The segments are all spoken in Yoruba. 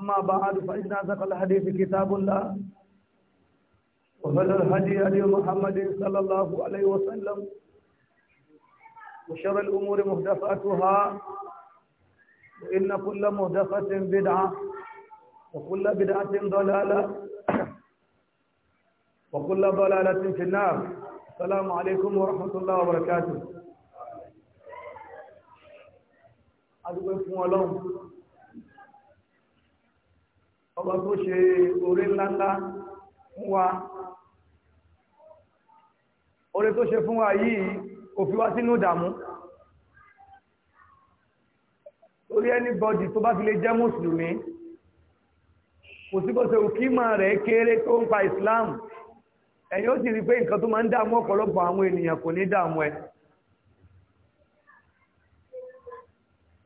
أما بعد فإن أصدق الحديث كتاب الله وخير الهدي هدي محمد صلى الله عليه وسلم وشر الأمور محدثاتها وإن كل محدثة بدعة وكل بدعة ضلالة وكل ضلالة في النار السلام عليكم ورحمة الله وبركاته أدعوكم الله ọba tó ṣe orí ńláńlá fún wa orí tó ṣe fún wa yìí kò fi wá sínú ìdààmú torí anybody tó bá fi lè jẹ́ mùsùlùmí kò sí bó rẹ̀ kéré tó ń pa Islam ẹ̀yin ó sì rí pé nǹkan tó máa ń dààmú ọ̀pọ̀lọpọ̀ àwọn ènìyàn kò ní dààmú ẹ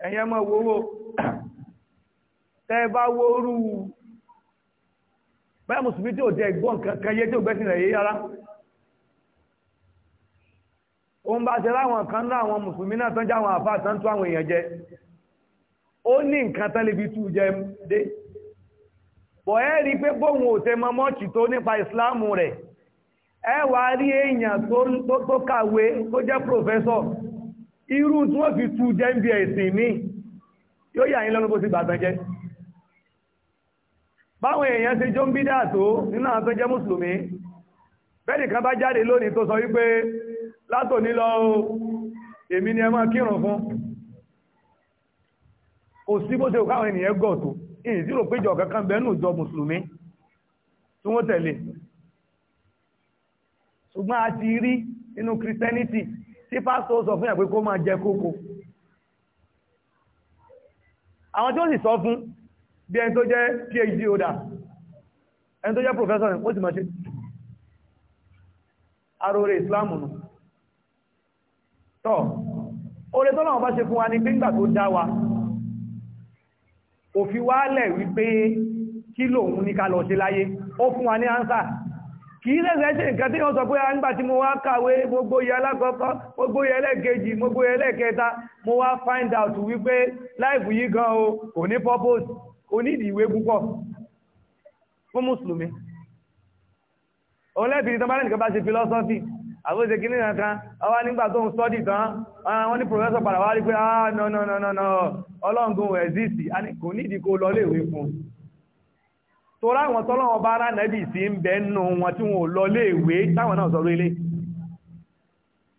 ẹ̀yin ẹ tẹ́ bá wo báyà musulmi tí ó jẹ ìgbọ́n kankan tí ó gbẹ́sìn rẹ̀ yé yára òun bá ṣe láwọn kan àwọn musulmi náà tán jáwọn àfáà tán tó àwọn èèyàn jẹ ó ní nǹkan tán lè fi tú jẹ dé bọ̀ ẹ́ rí pé bóun ò tẹ mọ mọ́ọ̀chì tó nípa ìsìláàmù rẹ̀ ẹ rí èèyàn tó kàwé tó jẹ́ pòfẹ́sọ̀ irú tí báwọn èèyàn ṣe jó ń bídá tó nínú àwọn tó jẹ́ mùsùlùmí bẹ́ẹ̀ni kan bá jáde lónìí tó sọ wípé látòní lọ èmi ni ẹ máa kírun fún kò sí bó ṣe kò káwọn ènìyàn gọ̀ tó ìyìn tí rò péjọ kankan bẹ́ẹ̀nù jọ mùsùlùmí tí wọ́n tẹ̀lé ṣùgbọ́n a ti rí nínú Christianity tí pásítọ̀ sọ fún yàn pé kó máa jẹ kókó àwọn tí ó sì sọ fún bí ẹni tó jẹ́ phd oda ẹni tó jẹ́ professor ní wọ́n ti máa islamu nù tọ́ oore tó ṣe fún wa ní pínpà tó dá wa òfin wálẹ̀ wípé kí ní ká lọ ṣe láyé ó fún wa ní kì í lẹ́sẹ̀ ṣe nǹkan tí wọ́n sọ tí mo wá kàwé gbogbo yẹ gbogbo yẹ gbogbo yẹ mo find out wípé gan o kò ní onídìí ìwé púpọ̀ fún mùsùlùmí olẹ́bìnrin tán bá lẹ́nìkan bá ṣe philosophy àbóṣe kìíní kan ọwá nígbà tó ń sọ́dì tán wọ́n ní professor padà wá rí pé ah no no no no no ọlọ́ngun exist kò nídìí kó lọ léèwé fún torá àwọn tọ́lọ́wọ́ bá rá nẹ́bì sí ń bẹ nù wọn tí wọn ò lọ léèwé táwọn náà sọ̀rọ̀ ilé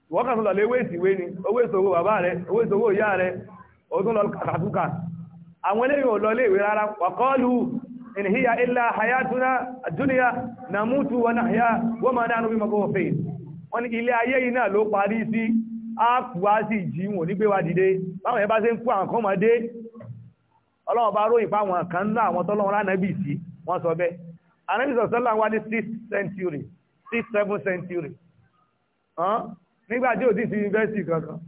ìwọ́kàn tó lọ léwé ìsìwé ni owó ìṣòwò bàbá rẹ owó ìṣòwò ìyá rẹ ó tún lọ kàkàtúkà àwọn eléyìn ò lọlé ìwé rárá wàkọ́ọ̀lù in hiya illa hayatuna duniya namutu wa nahya wa ma nahnu bi mabufin wọ́n ní ilé ayé yìí náà ló parí sí áàpù á sì jí wọn nígbé wa dìde báwọn yẹn bá ṣe ń kú àwọn kan máa dé ọlọ́run bá ròyìn fáwọn kan náà àwọn tọ́lọ́run lánàbì ò sí sí yunifásitì kankan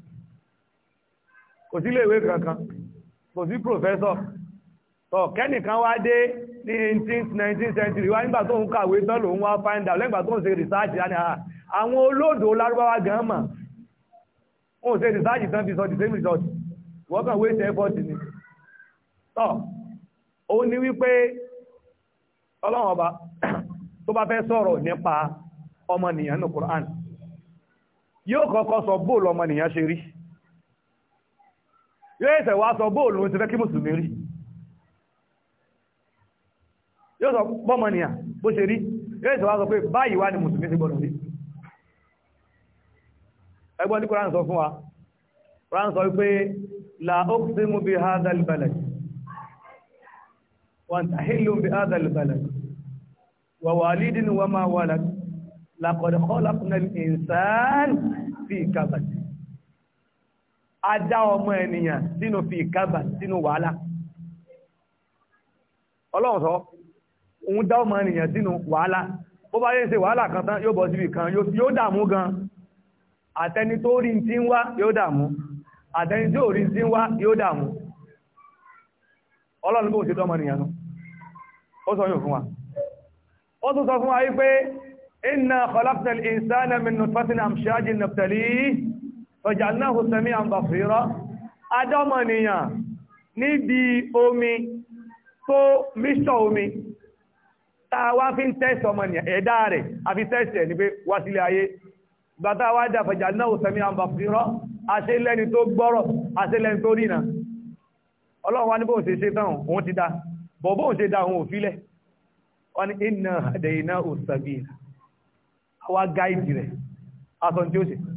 kò sí iléèwé kankan kò sí professor tọ̀ kẹ́nìkan wá dé ní 18 19th century wá nígbà tó ń kàwé tán lòun wá find out lẹ́gbà tó ń ṣe láti ah, àwọn olódò lárúbáwá gan mà ó ṣe research tán fi sọ same result wọ́n kàn wé ni wípé ọlọ́run ọba tó bá fẹ́ sọ̀rọ̀ nípa ọmọnìyàn ní yóò ẹ̀sẹ̀ wá sọ bóòlù ti fẹ́ kí mùsùlùmí rí yóò sọ pọ́mọ nìyà bó ṣe rí yóò ẹ̀sẹ̀ wá sọ pé báyìí wá ní mùsùlùmí ti gbọ́dọ̀ rí ẹgbọ́n ní kúrán sọ fún wa kúrán sọ wípé la uqsimu bi ajá ọmọ ènìyàn sínú fi ìkábà sínú wàhálà ọlọ́run sọ òun dá ọmọ ènìyàn sínú wàhálà bó bá yẹ ṣe wàhálà kan tán yóò bọ̀ síbi kan yóò dààmú gan àtẹni tó rí ti ń wá yóò dààmú àtẹni tí ò rí ti ń wá yóò dààmú ọlọ́run bó ṣe dọ́mọ ènìyàn ó sọ yóò fún wa ó tún sọ fún wa wípé inna khalaqnal insana min nutfatin amshajin nabtalihi ọjànáhù sẹ́mí àmbàfíra adọ́mọ̀nìyàn níbi omi tó mixture omi tàwà fi ń test ọmọnìyàn ẹ̀dá rẹ̀ àfi test ẹ̀ ní pé wá sílé ayé bàtà wá dà fọjànáhù sẹ́mí àmbàfíra àṣẹ́lẹ́ni tó gbọ́rọ̀ àṣẹ́lẹ́ni tó rìnà ọlọ́run wá ní bóun ṣe ṣe tán òun ti dá bọ̀ bóun ṣe ó ṣe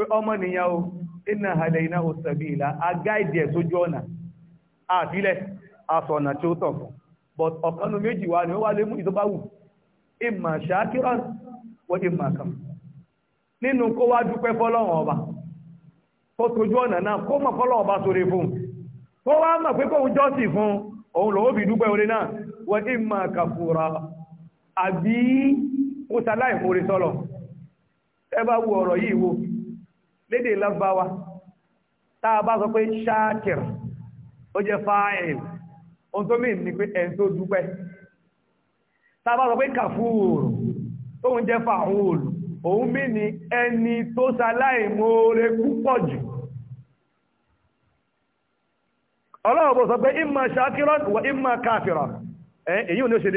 pé ọmọ nìyàn o iná halẹ̀ iná o ìlà agáìdì ẹ̀ sójú ọ̀nà àbílẹ̀ asọ̀nà tí ó tọ̀ fún but ọ̀kanu méjì wà ní wà lé mú wù ìmà wọ́n nínú kó wá dúpẹ́ ọba tó tójú fún tó wá mọ̀ pé fún òun dúpẹ́ náà wọ́n àbí sọ́lọ̀ lédè lọ́gbàwá tá bá sọ pé ṣáàkìr ó jẹ́ fáìl ohun tó mìí ni pé ẹni tó dúpẹ́ tá bá sọ pé kàfúrù tóun jẹ́ fàúlù òun mìí ni ẹni tó ṣaláì moore púpọ̀ jù ọlọ́run sọ pé ìmọ̀ ṣáàkìrán wà ìmọ̀ èyí ò ní ó ṣe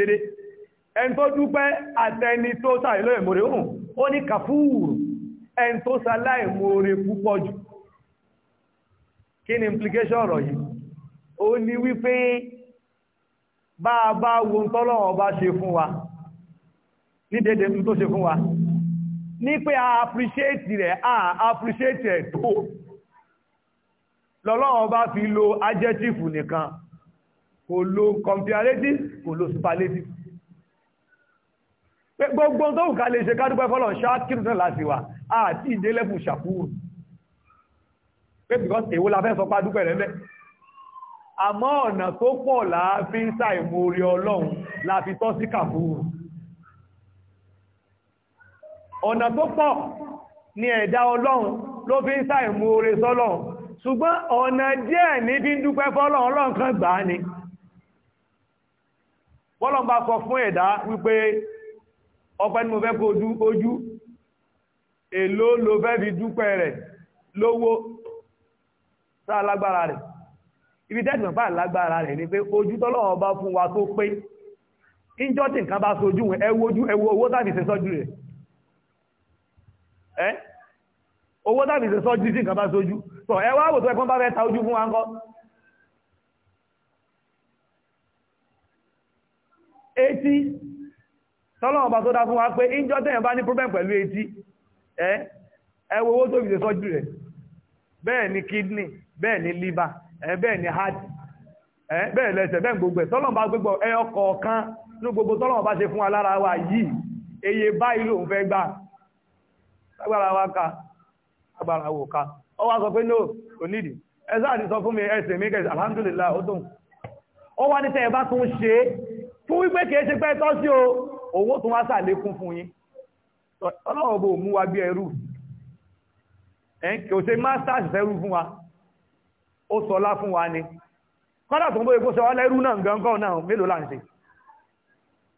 ẹn tó sáláì moore púpọ̀ jù kí ni implication ọ̀rọ̀ yìí ó ní wípé bá a bá wo tọ́lọ́wọ́ bá ṣe fún wa ní dédé tó ṣe fún wa ní pé a appreciate rẹ̀ a appreciate rẹ̀ tó lọ́lọ́wọ́ bá fi lo adjective nìkan kò lo comparative kò lo superlative gbogbo tó wùká lè ṣe kádúpẹ́ fọ́lọ̀ ṣáàkìrìsàn láti wà àti ìdélẹ́fù ṣàkúrù pé because èwo la fẹ́ sọ pádúpẹ́ rẹ̀ mẹ́ àmọ́ ọ̀nà tó pọ̀ láàfi ń sàìmò orí ọlọ́run láàfi tọ́ sí kàfúrù ọ̀nà tó pọ̀ ni ẹ̀dá ọlọ́run ló fi ń sàìmò orí sọ́lọ́run ṣùgbọ́n ọ̀nà díẹ̀ ní fi ń dúpẹ́ fọ́lọ́run ọlọ́run kan gbà á ni bọ́lọ́n bá sọ fún ẹ̀dá wípé ọpẹ́ ni mo fẹ́ kó ojú èló ló fẹ́ fi dúpẹ́ rẹ̀ lówó sáà lágbára rẹ̀ ibi tẹ́tùmọ̀ fà lágbára rẹ̀ ni pé ojú tọ́lọ́wọ́ bá fún wa tó pé ìjọ́ tí nǹkan bá sojú ẹ wojú ẹ wo owó tàbí ṣe sọ́jú rẹ̀ ẹ́ owó tàbí ṣe sọ́jú tí nǹkan bá sojú tọ́ ẹ wá wò tó ẹkùn bá fẹ́ ta ojú fún wa ń kọ́ tọ́lọ́wọ́n bá tó dá fún wa pé injọ́ tẹ́yàn bá ní problem pẹ̀lú etí ẹ́ ẹwọ owó tó fi sọ́jú rẹ̀ bẹ́ẹ̀ ni kidney bẹ́ẹ̀ ni liver bẹ́ẹ̀ ni heart bẹ́ẹ̀ lẹ́sẹ̀ bẹ́ẹ̀ gbogbo ẹ̀ bá gbogbo ẹyọ kọ̀ọ̀kan ní gbogbo tọ́lọ́wọ́n bá eye owó tó wá sàlékún fún yín ọlọ́wọ́ bò mú wa bí ẹrú kò ṣe masters ẹrú fún wa ó sọlá fún wa ni kọ́dà tó ń bóyá kó sọ ọlẹ́rú náà gangan náà mélòó là ń ṣe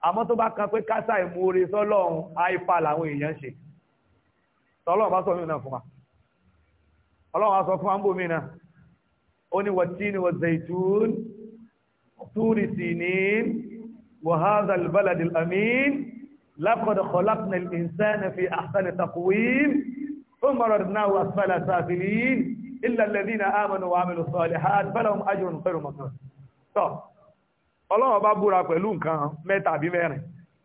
àmọ́ tó bá kan pé kásá ìmoore sọ́lọ́run àìfà làwọn èèyàn ṣe tọ́lọ́run bá sọ mí náà fún wa ọlọ́run á sọ fún wa ń bò mí náà وهذا البلد الأمين لقد خلقنا الإنسان في أحسن تقويم ثم ردناه أسفل سافلين إلا الذين آمنوا وعملوا الصالحات فلهم أجر خير مكنون طب ọlọ́run bá búra pẹ̀lú nǹkan mẹ́ta àbí mẹ́rin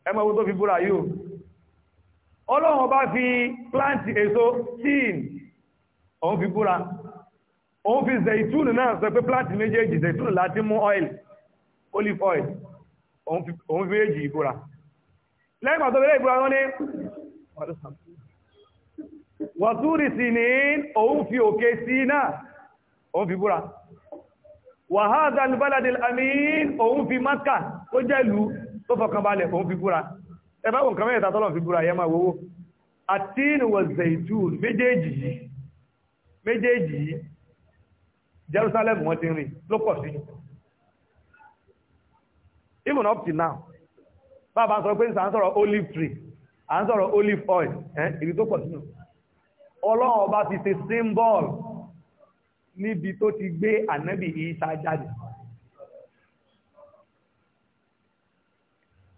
ẹmọ owó tó fi búra yóò ọlọ́run bá fi pláǹtì èso tíìn òun fi búra òun fi zẹ̀ìtúnù náà sọ pé pláǹtì méjèèjì zẹ̀ìtúnù láti mú oil olive oil òun fi méjì ìbúra lẹ́yìn pàtó ilé ìbúra wọ́n ní wàtúrì sí ní òun fi òkè sí náà òun fi búra wàhádà albaladil amin òun fi maka tó jẹ́ ìlú tó fọkànbalẹ̀ òun fi búra ẹbáwọn kan mẹ́ta tọ́lọ̀ fi búra yẹma wowó àtínú wà zaitun méjèèjì méjèèjì Jerusalem wọ́n ti rìn lókọ̀ sí even up till now bàbá sọ pé à ń sọ̀rọ̀ olive tree à ń sọ̀rọ̀ olive oil ibi tó pọ̀ sínú ọlọ́run ọba ti ṣe symbol níbi tó ti gbé ànábì Ìsá jáde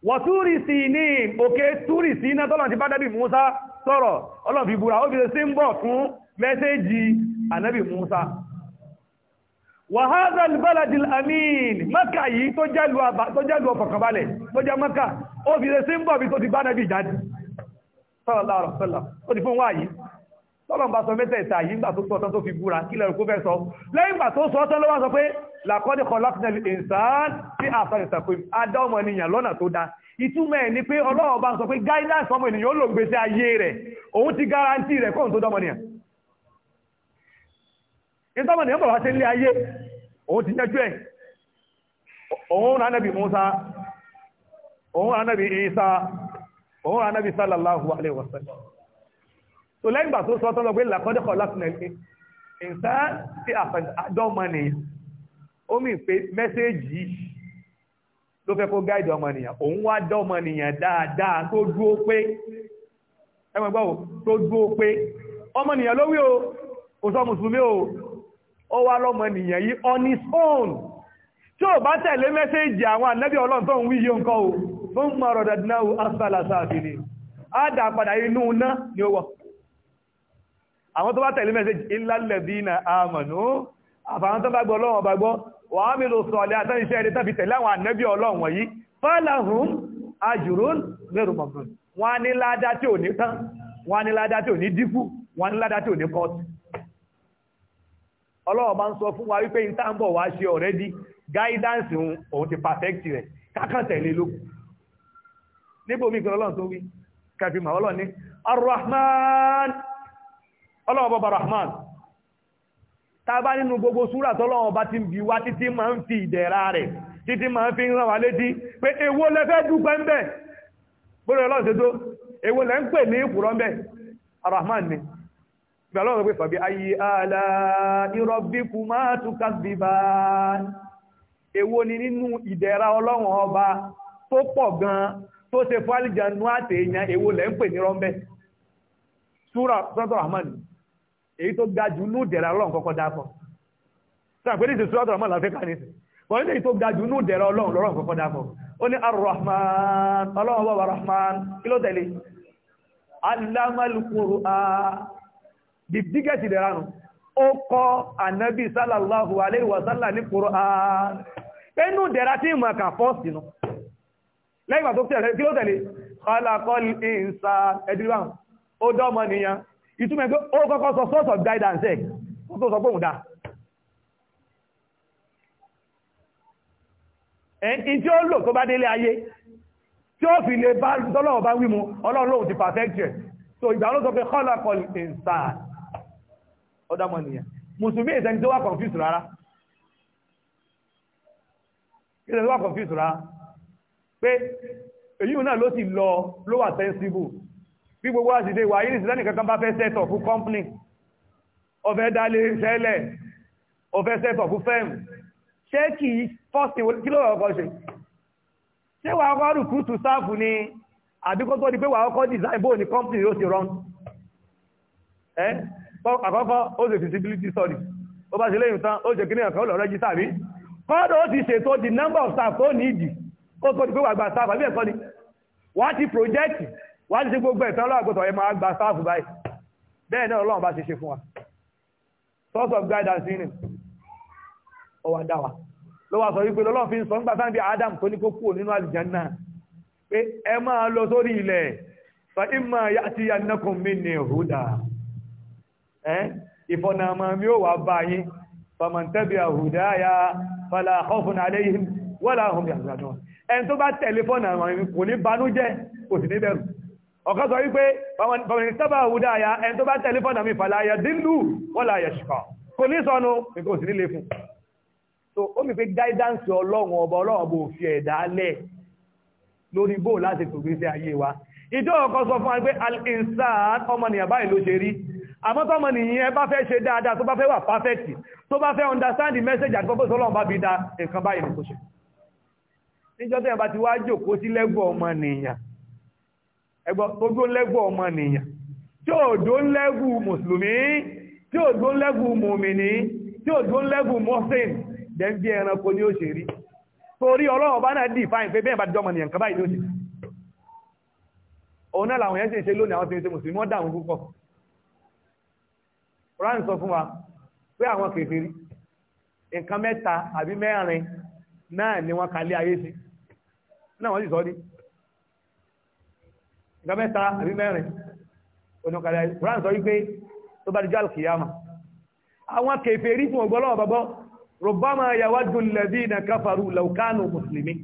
wọ̀túrì sí ní òkè túrì sí iná tọ́lọ̀ ti bá dábì Músá sọ̀rọ̀ ọlọ́run fi búra ó fi ṣe symbol fún mẹ́sẹ́jì ànábì Músá wàhálà ìbáladì àmìn maka yìí tó jẹ́lú ọ̀fọ̀kànbalẹ̀ tó jẹ́ maka ó fi rẹ̀ sí ń bọ̀ bí tó ti bá nẹ́bí ìjáde sallallahu alaihi wasallam ó ti fún wáyìí tọ́lọ̀mbà sọ mẹ́tẹ̀ẹ̀ta yìí nígbà tó sọ́tọ́ tó fi búra kí lẹ́rù kó fẹ́ sọ lẹ́yìn ìgbà tó sọ́tọ́ ló wá sọ pé làkọ́dẹ̀ kọlọ́pìnẹ̀lì ìsàn tí àfàrẹ̀ ìsàkó adáọmọ ènìyàn lọ́nà tó dá ìtumọ̀ ẹ̀ ni pé Ọlọ́run guidance ọmọ ènìyàn ó lò gbèsè ayé rẹ̀ òun ti guarantee rẹ̀ kóhun tó dọ́mọ ènìyàn ìtọ́mọ ènìyàn òun ti yẹ́jú ẹ̀ òun rán nábi Musa òun rán nábi Isa òun rán nábi sallallahu alaihi wasallam so lẹ́yìn gbà tó sọ́tọ́ lọ pé làkọ́dẹ́kọ̀ láti nàìjíríà ìsá sí àdọ́mọnìyàn ó mì pé mẹ́sẹ́jì ló fẹ́ kó gáìdì ọmọnìyàn òun wá dọ́mọnìyàn dáadáa tó dúó pé ẹgbẹ̀gbọ́ tó dúó pé ọmọnìyàn lówí o kò sọ mùsùlùmí o ó wá lọ́mọ nìyàn yìí on his own tí ó bá tẹ̀lé mẹ́sẹ́jì àwọn ànábì ọlọ́run tó ń wí yóò nǹkan o tó ń mọ ọ̀rọ̀ dandan o asala sáàfìlì á dà padà inú iná ni ó wọ̀ àwọn tó bá tẹ̀lé mẹ́sẹ́jì ìlàlẹ̀dínà àmọ̀nú àfàwọn tó bá gbọ́ ọlọ́run ọba gbọ́ wà á mìlò sọ̀lẹ̀ àtàríṣẹ́ ẹ̀rẹ́ tàbí tẹ̀lé àwọn ànábì ọlọ́run wọ̀nyí fálàhùn ọlọ́wọ́ bá ń sọ fún wa wípé ìtàǹbọ̀ wá ṣe already guidance òun ti perfect rẹ̀ kákàn tẹ̀lé níbo mi kan ọlọ́run tó wí kàfi mà ọlọ́run ní arrahman ọlọ́wọ́ rahman tá a gbogbo súrà tọ́lọ́wọ́ bá ti ń bi wá títí máa ń fi ìdẹ̀ra rẹ̀ títí máa ń fi ràn wá létí pé èwo lẹ fẹ́ dúpẹ́ gbàlọ́rọ̀ pé fàbí ayé ààlà ìrọ̀bíkù máa túnká bíbá èwo ni nínú ìdẹ̀ra ọlọ́run ọba tó pọ̀ gan tó ṣe fálìjànú àtèèyàn èwo lẹ́ ń pè ní rọ́mbẹ́ súra sọ́tọ̀ rahman èyí tó ga jù nú ìdẹ̀ra ọlọ́run kọ́kọ́ dáfọ́ sàpé ní ti súra sọ́tọ̀ rahman láfẹ́ kàní sí wọ́n ní èyí tó ga jù nú ìdẹ̀ra ọlọ́run lọ́rọ̀ kọ́kọ́ dáfọ́ ó ní arrahman ọlọ́run bàbá rahman kí ló tẹ̀lé alamal qur'an the biggest ìdẹ̀ránù ó kọ́ ànábì sallallahu alaihi wasallam ní Qur'an pẹ́nú ìdẹ̀rá tí ìmọ̀ ẹ̀kà fọ́ọ̀sì nù lẹ́yìn tó tẹ̀lé kí ló tẹ̀lé khalaqal insan ẹ̀dìrán ó dọ́mọ nìyàn ìtumẹ̀ pé ó kọ́kọ́ sọ source of guidance ẹ̀ ó tó sọ pé òun dáa ẹni tí ó lò tó bá délé ayé tí ó fi lè bá tọ́lọ́wọ́ bá wí mu ọlọ́run lòun ti perfect ẹ̀ so ìgbà ló sọ pé khalaqal insan ọ̀dọ́ ọmọnìyàn mùsùlùmí ìsẹ́ni tó wà confused rárá ìsẹ́ni tó wà confused rárá pé èyí náà ló ti lọ ló wà sensible bí gbogbo àṣìṣe wà yìí ìsìlẹ́nì kankan bá fẹ́ set up fún company ọ̀fẹ́ dálé sẹ́lẹ̀ ọ̀fẹ́ set up fún firm ṣé kì í first kí ló ọkọ̀ ṣe ṣé wà ọkọ̀ rùkútù sáàfù ni àbíkọ́ tó di pé wà ọkọ̀ design bóò ní company yóò ti run àkọ́kọ́ ó ṣe visibility study ó bá ṣe lẹ́yìn tán ó ṣe kíní ọ̀kan ó lọ rẹ́jísà rí kọ́dọ̀ ó ti ṣètò the number of staff tó ní ìdì kó tó ti pé wàá gba staff àbí ẹ̀kọ́ ni wà á ti project wà á ti ṣe gbogbo ẹ̀tàn ọlọ́àgbọ̀tọ̀ ẹ̀ máa gba staff báyìí bẹ́ẹ̀ náà ọlọ́run bá ṣe ṣe fún wa source of guidance nínú ọwà dáwà ló wà sọ wípé lọ́lọ́ fi ń sọ nígbà sáńbí Adam tó ní kó kúrò nínú àlùjánnà pé ẹ máa lọ sórí ilẹ̀ fa imma ya'tiyannakum minni huda ìfọ̀nàmà mi ó wà báyí fàmàntẹ́bí àhùdáyà fàlà ọ̀fún aléyìn wọ́lá ọ̀hún ìyàgbàdàn ẹni tó bá tẹ̀lé fọ́nàmà mi kò ní banújẹ́ kò sì ní bẹ̀rù ọ̀kan sọ wípé fàmàntẹ́bí àhùdáyà ẹni tó bá tẹ̀lé fọ́nàmà mi guidance ọlọ́run ọba ọlọ́run ọba òfin ẹ̀dá lẹ̀ lórí bó láti tògbésí ayé wa ìjọ ọkọ sọ fún àmọ́ tọ́mọ nìyí ẹ bá fẹ́ ṣe dáadáa tó bá fẹ́ wà perfect tó bá fẹ́ understand the message àti purpose ọlọ́run bá bí da nǹkan báyìí nìkó ṣe níjọ́ tẹ́yàn bá ti wá jòkó sí lẹ́gbọ̀ ọmọ nìyàn ẹgbọ́ tó dó lẹ́gbọ̀ ọmọ nìyàn tí ò dó lẹ́gbù mùsùlùmí tí ò dó lẹ́gbù mùmìnì tí ò dó lẹ́gbù mọ́sìn dẹ́n bí ẹranko ni ó ṣe rí torí ọlọ́run bá náà dì fáìn pé bẹ́ẹ̀ bá jọmọ nìyàn kan báyìí ló ṣe òun náà làwọn yẹn ṣe ṣe lónìí àwọn tí ń ṣe mùsùlùmí wọ́n Quran sọ fún wa pé àwọn kèfèrí nǹkan mẹ́ta àbí mẹ́rin náà ni wọ́n kalẹ̀ ayé sí náà wọ́n sì sọ ní nǹkan mẹ́ta àbí mẹ́rin oníkalẹ̀ ayé Quran sọ wípé tó bá di jọ́ àlùkìyàmà àwọn kèfèrí tí wọ́n lọ́wọ́ bọ́bọ́ rọ̀bámà yawaddu alladhina kafaru law kanu muslimin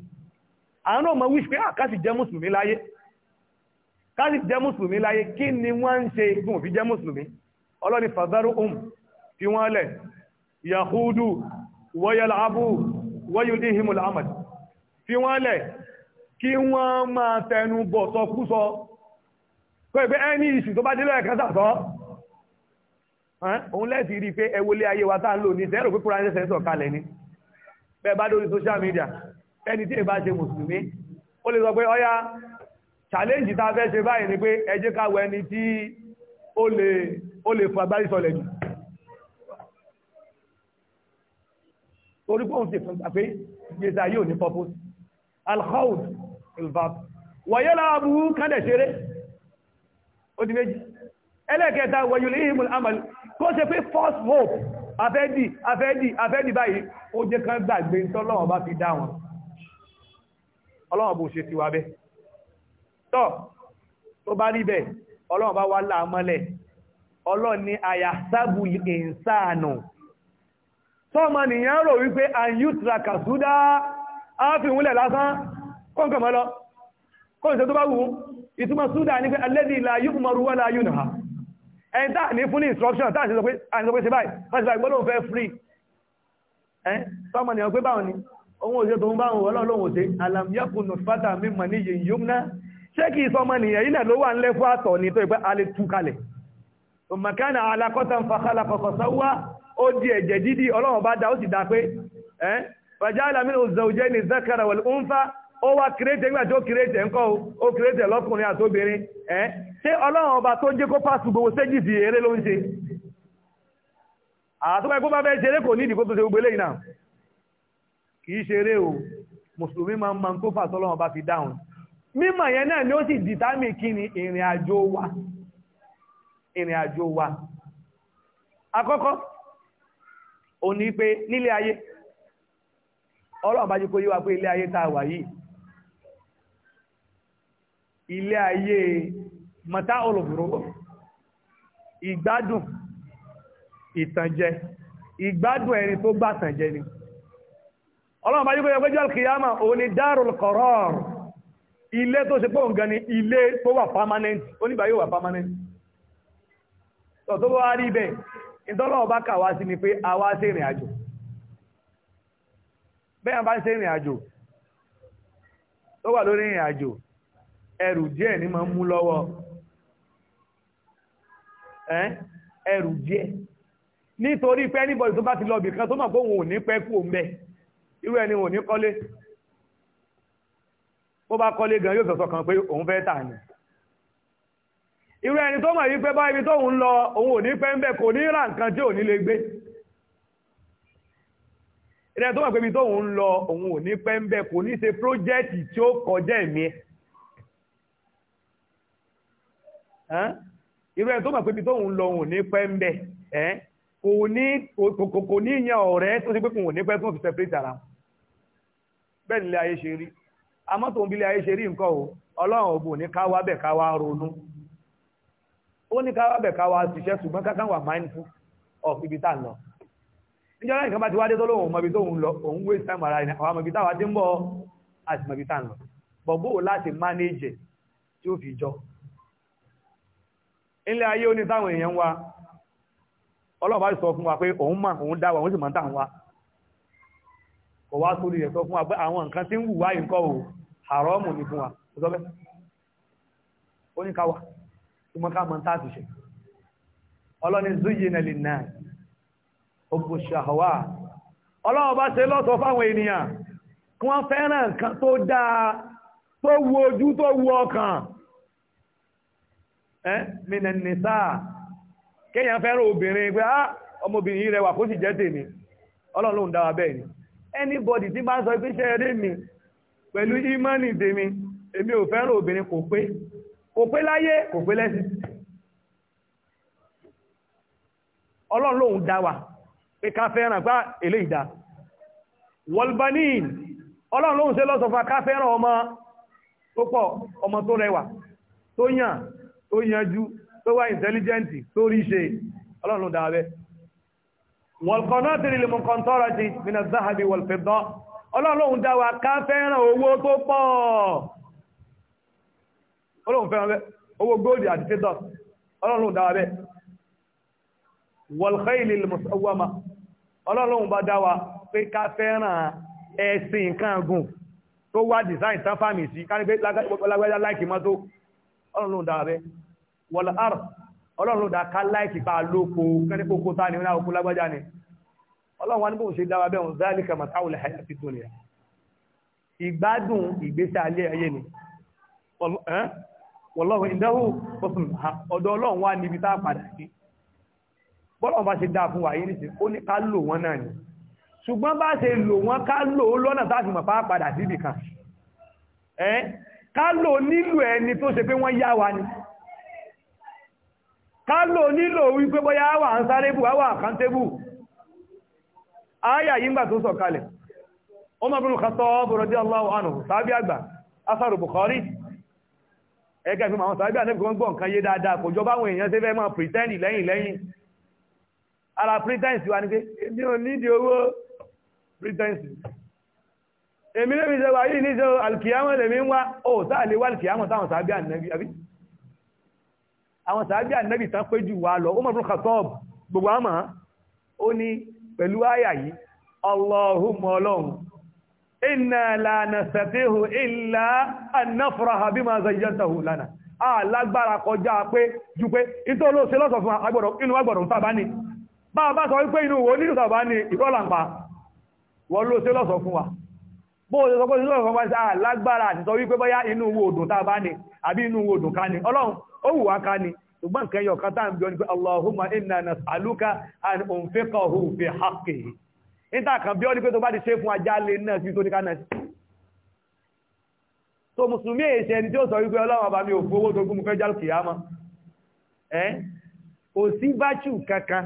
àwọn náà mọ̀ wíṣ pé àkásì ah, jẹ́ mùsùlùmí láyé kásì jẹ́ mùsùlùmí láyé kí ni wọ́n ń ṣe gùn fi jẹ́ mùsùlùmí ọlọ́ni fàzárù um fi wọ́n lẹ̀ yahudu wọ́yẹ̀láàbù wọ́yẹ̀lẹ́hìmùl amad fi wọ́n lẹ̀ kí wọ́n máa tẹnu bọ̀ sọ kú sọ kọ́ ìpé ẹni ìṣù tó bá délẹ̀ ẹ̀kan sàtọ́ òun lẹ́sì rí pé ẹwọlé ayé wa tá ń lò ní zero pípúra ẹni sẹ́sọ̀ kalẹ̀ ni bẹ́ẹ̀ bá dórí social media ẹni tí ìbá ṣe mùsùlùmí ó lè sọ pé ọya challenge ta fẹ́ ṣe báyìí ni pé ẹ jẹ́ ẹni tí ó lè ó lè fún agbárí sọlẹ̀ jù torí pé òun ti fún gbà pé gbèsè ayé ò ní purpose alkhawd ilvap wọ̀yẹ́ láàbù kánẹ̀ ṣeré ó di méjì ẹlẹ́kẹta wọ̀yùlẹ̀ ìhìmùl amal kó ṣe pé first hope afẹ́dì afẹ́dì afẹ́dì báyìí ó jẹ́ kán gbàgbé tọ́lọ́wọ̀n bá fi dá wọn ọlọ́wọ̀n bó ṣe ti wà bẹ́ tọ́ tó bá rí bẹ́ẹ̀ bá wá láàmọ́lẹ̀ ọlọ́ni àyàsábù ìsáànù tọ́mọ nìyàn rò wípé àyútra kàsúdá áfihúnlẹ̀ lásán kọ́nkànmọ́ lọ kọ́nṣẹ́ tó bá wù ìtumọ̀ súdá ní pé alẹ́dì ìlà yúkùmọ̀rú wà láyún náà ẹni táà ní fún ní instruction táà sí sọ pé sí báyìí gbọ́lọ́ fẹ́ free ẹ́ tọ́mọ nìyàn pé báwọn ni ohun òṣèlú tó ń báwọn ọlọ́lọ́wọ́ òṣè alamiyakunu fata mímọ̀ ní yìnyín yóò ná ṣé kìí sọmọ nìyàn ilẹ̀ ló wà ń lẹ́fọ́ àtọ̀ ní tó ìpẹ́ alẹ́ tú kalẹ̀ thumma kana alaqatan fa khalaqa fa sawwa ó di ẹ̀jẹ̀ dídì ọlọ́run bá dá ó sì dá pé ẹ́ fajala minhu zawjayni dhakara wal untha ó wá kírètè nígbà tí ó kírètè ńkọ́ ó kírètè lọ́kùnrin àtóbìnrin ẹ́ ṣé ọlọ́run ọba tó jẹ́ kó pàṣù gbogbo séjì sí eré ló ń ṣe àtúkọ̀ ẹ̀kọ́ bá fẹ́ ṣeré kò nídìí kó tó ṣe gbogbo mímọ̀ yẹn náà ni ó sì dìtámì kí ni ìrìn àjò wa ìrìn àjò wa àkọ́kọ́ o ní pé nílé ayé ọlọ́run bá jí kó yíwa pé ilé ayé tá a wà yìí ilé ayé mọ̀tá olùgbòrò ìgbádùn ìtànjẹ ìgbádùn ẹni tó gbà tànjẹ ni ọlọ́run bá jí kó yíwa pé jọ́l kìyàmà ó ní dárul qarar ilé tó se pé òun ni ilé tó wà permanent oníbàá yóò wà permanent tọ̀tọ́ bá wá rí ọba sí ni pé a wá sí ìrìn àjò bẹ́ẹ̀ bá ń ṣe ìrìn àjò tó wà lórí ìrìn àjò ẹrù díẹ̀ ní máa ń mú lọ́wọ́ ẹrù díẹ̀ nítorí pé anybody tó bá ti lọ bìkan tó mọ̀ pé òun ò ní pẹ́ kú òun irú ẹni òun ò ní kọ́lé bó bá kọ́lé irú ẹni tó mọ̀ yí pé bá ibi tó ń lọ òun ò ní pẹ́ ń bẹ̀ kò ní ra nǹkan tí ò ní lè gbé irú ẹni tó mọ̀ pé ibi tó ń lọ òun ò ní pẹ́ ń kò ní ṣe prójẹ́tì tí ó kọjá ẹ̀mí ẹ̀ irú ẹni tó mọ̀ pé ibi tó ń lọ ẹ̀ kò ní kò ní ìyẹn ọ̀rẹ́ tó ṣe pé kò ní pẹ́ fi separate ara bẹ́ẹ̀ nílé ayé ṣe rí ń ó ní káwá bẹ̀ káwá ṣiṣẹ́ ṣùgbọ́n kankan mindful of ibi tá à ń lọ níjọba nǹkan bá ti wádé tó lóun mọbi tó ń lọ òun waste time ara ẹni àwọn mọbi táwa ti ń bọ̀ àti fi jọ ilé ayé ó ní táwọn èèyàn wa fún wa pé òun mà òun dá wa òun sì máa ń tà wá kò wá sọ fún wa pé àwọn nǹkan tí ń wù wá ni fún súnmọ́ ká mọ́ tá a ti ṣe ọlọ́ni zuyina linnas hubbu shahawat ọlọ́wọ́ bá ṣe lọ́tọ̀ fáwọn ènìyàn kí wọ́n fẹ́ràn nǹkan tó dáa tó wu ojú tó wu ọkàn ẹ́ mina nìsá kéèyàn fẹ́ràn obìnrin pé á ah, ọmọbìnrin yìí rẹwà kó sì jẹ́ tèmi ọlọ́run ló bẹ́ẹ̀ ni anybody tí bá ń sọ pé ṣe eré mi pẹ̀lú ìmánì tèmi èmi ò fẹ́ràn obìnrin kò pé kò pé láyé kò pé lẹ́sìn ọlọ́run lóhun dá wa pé ká fẹ́ràn pá èlé ìdá wọlbanin ọlọ́run lóhun ṣe lọ́sọ̀fà ká fẹ́ràn ọmọ tó pọ̀ ọmọ tó rẹwà tó yàn tó yanjú tó wá intelligent tó rí ṣe ọlọ́run lóhun dá wa ká fẹ́ràn owó tó pọ̀ ọlọ́run fẹ́ràn bẹ́ owó góòdì àti tẹ́tọ̀ ọlọ́run dáwà bẹ́ wọ̀lẹ́ìlì mọ̀sánwọ́mà ọlọ́run bá dáwà pé ká fẹ́ràn ẹ̀sìn nǹkan gùn tó wá design tán fàmì sí ká ní pé lágbẹ́dá láìkì mọ́tò ọlọ́run dáwà bẹ́ wọ̀lẹ́àr ọlọ́run dá ká láìkì pa lóko kẹ́ni kókó tá ni ó náà kó lágbẹ́dá ni ọlọ́run wá ní bóun ṣe dáwà bẹ́ òun zálìkà màtáwùl ìgbádùn ìgbésẹ̀ ayé ni wọ́lọ́wọ́ ìdáwó fọ́sùn ọ̀dọ̀ ọlọ́run wá níbi tá padà sí bọ́lọ̀ bá ṣe dá fún wà yìí ó ní ká lò wọ́n náà ni ṣùgbọ́n bá ṣe lò wọ́n ká lò ó lọ́nà táàfin mọ̀ padà sí ẹ́ ká lò nílò ẹni tó ṣe pé wọ́n yá wa ni ká lò nílò wípé wà ń sáré ẹgẹ́ fún àwọn sàábí ànẹ́bì kan gbọ́ nǹkan yé dáadáa kò jọ báwọn èèyàn tẹ́fẹ́ máa pretend lẹ́yìn lẹ́yìn ara pretense wa ni pé èmi ò nídìí owó pretense èmi lè fi ṣe wà yìí níṣẹ́ alkiyama lèmi ń wá ó sáà lè wá alkiyama táwọn sàábí ànẹ́bì àbí àwọn sàábí ànẹ́bì tán pé jù wá lọ ó mọ̀ fún katọ́ọ̀bù gbogbo àmọ́ ó ní pẹ̀lú àyà yìí ọlọ́hùn mọ́ ọlọ́hùn inna la nasatihu illa an nafraha bima zayyantahu lana alagbara kọjá pé ju pé in ló ṣe lọ́sọ̀ fún agbọ̀dọ̀ inú agbọ̀dọ̀ tàbá ní bá bá sọ wípé inú wo nínú tàbá ní ìrọ́lànpá wọ́n ló ṣe lọ́sọ̀ fún wa bó ṣe sọpọ̀ sílọ́sọ̀ fún wa sọ wípé bóyá inú wo òdùn tàbá ní ìtàkàn bí ó ní pé tó bá ti ṣe fún ajá náà sí tó ní kánà sí so mùsùlùmí èṣẹ́ ẹni tí ó sọ wípé ọlọ́run ọba mi ò fowó tó gúnmù fẹ́jọ́ kìyàmọ́ ẹ́ kò sí báṣù kankan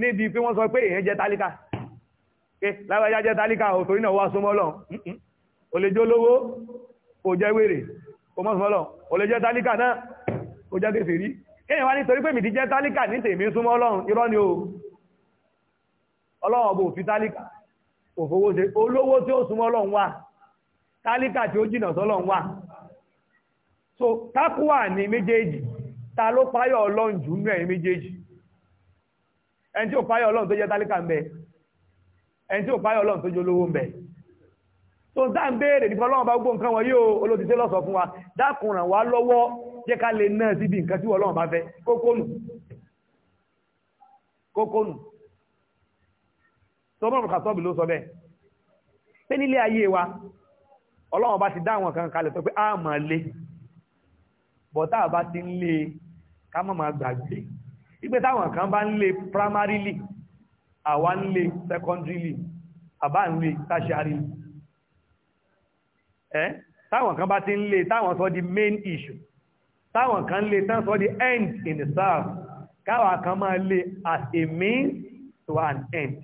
níbi pé wọ́n sọ pé èèyàn jẹ́ tálíkà pé lábájá jẹ́ tálíkà ò torí náà wá súnmọ́ lọ ò lè jẹ́ olówó kò jẹ́ wèrè kò mọ́ súnmọ́ lọ ò lè jẹ́ tálíkà náà kò jẹ́ kèfèrí kéèyàn wá nítorí pé mi jẹ́ tálíkà ní tèmi súnmọ́ lọ́run irọ́ ni o ọlọ́run ọba òfin tálíkà òfowó ṣe olówó tí ó súnmọ́ ọlọ́run wà tálíkà tí ó jìnà sọ́lọ́run wà so tákùwà ní méjèèjì ta ló páyọ̀ ọlọ́run jù nú ẹ̀yin méjèèjì ẹni tí ó páyọ̀ ọlọ́run tó jẹ́ tálíkà ń bẹ ẹni tí ó páyọ̀ ọlọ́run tó jẹ́ olówó ń bẹ tó ń dáa ń béèrè nípa ọlọ́run bá gbogbo nǹkan wọn yóò olóòtítẹ́ lọ́sọ̀ fún wa dákùn ràn wá lọ́wọ́ jẹ́ ká lè náà síbi nǹkan tí ọlọ́run bá fẹ́ kókónù kókónù sọmọ́rùn kàtọ́bì ló sọ bẹ́ẹ̀ pé nílé ayé wa ọlọ́run bá ti dá àwọn kan kalẹ̀ sọ pé a máa lé bọ́tá bá ti ń lé ká má máa gbàgbé ìgbé táwọn kan bá ń lé primarily àwa ń lé secondarily àbá ń lé tertiary ẹ́ táwọn kan bá ti ń lé táwọn sọ di main issue táwọn kan lé tán sọ di end in itself káwa kan máa lé as a means to an end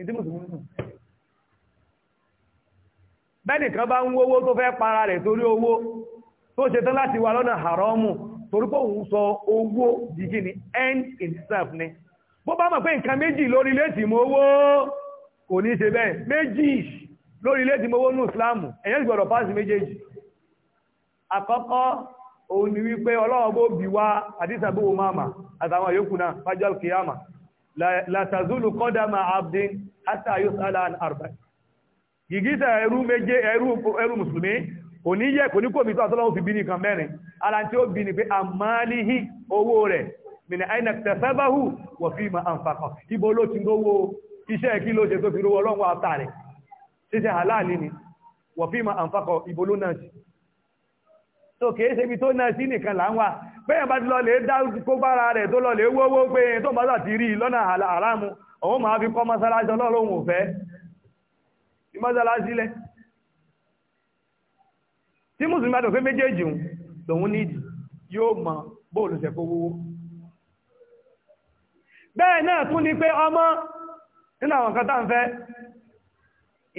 ìdí mùsùlùmí nù bá ń tó fẹ́ para rẹ̀ torí owó tó ṣe tán láti wà lọ́nà haramu torí pé òun sọ owó jíjí ni end in ni bó bá mọ̀ pé nǹkan méjì lórí létí owó kò ní ṣe bẹ́ẹ̀ méjì owó ní ẹ̀yẹ́ ti gbọ́dọ̀ pàṣẹ méjèèjì àkọ́kọ́ òun ni wípé ọlọ́wọ́ bó bí wá àdísàbówó àtàwọn yòókù náà fájọ́ la tazulu qadama abdin hatta yus'ala an arba gìgísẹ̀ ẹrú méje ẹrú mùsùlùmí kò ní yẹ kò ní kò mìtọ́ àtọ́lọ́wọ́ fi bí nìkan mẹ́rin ara tí ó bí ní pé àmáàlìhí owó rẹ̀ mìnà àìnà tẹ̀sẹ́báhù wọ̀ fi ma àǹfàkọ̀ ibo ló ti rówó iṣẹ́ kí ló ṣe tó fi rówó ọlọ́wọ́ àtà rẹ̀ ṣíṣẹ́ àláàlì ni wọ̀ fi ma àǹfàkọ̀ ibo ló náà tó kìí ṣe ibi tó náà sí nìkan là ń wà bẹ́yàn bá ti lọ lè dá kó bára rẹ̀ tó lọ lè wówó pé tó bá ti rí lọ́nà àrámu òun máa fi kọ́ mọ́sálásí ọlọ́run ò fẹ́ tí mọ́sálásí lẹ́ tí mùsùlùmí méjèèjì lòun yóò mọ bóòlù ṣe kó wówó bẹ́ẹ̀ náà tún ni pé ọmọ nínú àwọn kan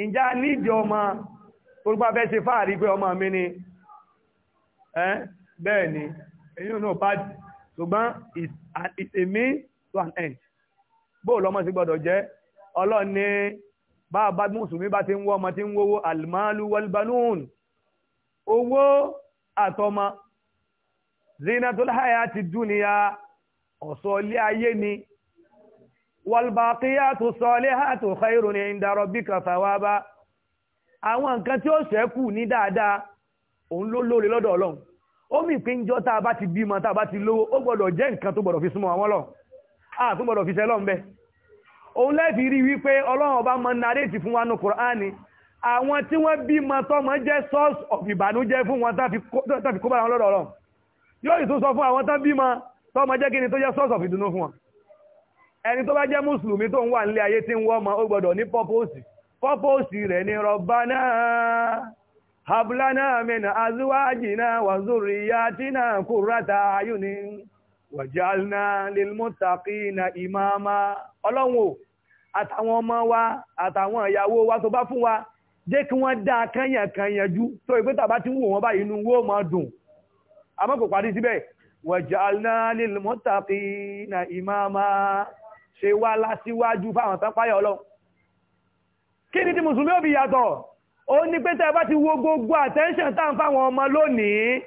ìjà ọmọ orúkọ abẹ́ ọmọ mi bẹ́ẹ̀ ni ẹ̀yìn náà ṣùgbọ́n it's a means to an end bó lọ́mọ sí gbọ́dọ̀ jẹ́ ọlọ́ni bàbá mùsùlùmí bá ti ń wọ́ ọmọ tí ń wówó almalu walbanun owó àtọmọ zinatul hayati dunya ọ̀sọ̀ ilé ayé ni walbaqiyatu salihatu khairun inda rabbika thawaba àwọn nǹkan tí ó ṣẹ́kù ní dáadáa òun ló lóore lọ́dọ̀ ọlọ́run ó mì pé ń jọ tá a bá ti bímọ tá a bá ti lówó ó gbọ́dọ̀ fi súnmọ́ àwọn ọlọ́run a tó gbọ́dọ̀ fi ṣe lọ́n bẹ́ òun ri rí wípé ọlọ́run ọba mọ nàréètì fún wa kùránì àwọn tí wọ́n bímọ tọ́mọ jẹ́ source of ìbànújẹ́ fún wọn tá fi kó bára wọn lọ́dọ̀ ọlọ́run yóò sì tún sọ fún àwọn tán bímọ tọ́mọ jẹ́ kíni tó jẹ́ source of ìdùnnú fún wọn ẹni tó bá jẹ́ mùsùlùmí tó ń wà nílé ayé tí ń wọ́ ọmọ ó gbọ́dọ̀ ní rẹ̀ hablana min azwajina wa zurriyatina qurrata ayunin wàjálná lilmuttaqina imama ọlọ́run o àtàwọn ọmọ wa àtàwọn ìyàwó wa tó bá fún wa jẹ́ kí wọ́n dá kányàn kányànjú tó ìpé tàbá tí wò wọ́n bá inú wó máa dùn àmọ́ kò parí síbẹ̀ wàjálná lilmuttaqina imama ṣe wá lásíwájú fáwọn tápáyà ọlọ́run kí ni ti mùsùlùmí òbí yàtọ̀ ó ní pé tẹ́ bá ti wo gbogbo attention tá ń fáwọn ọmọ lónìí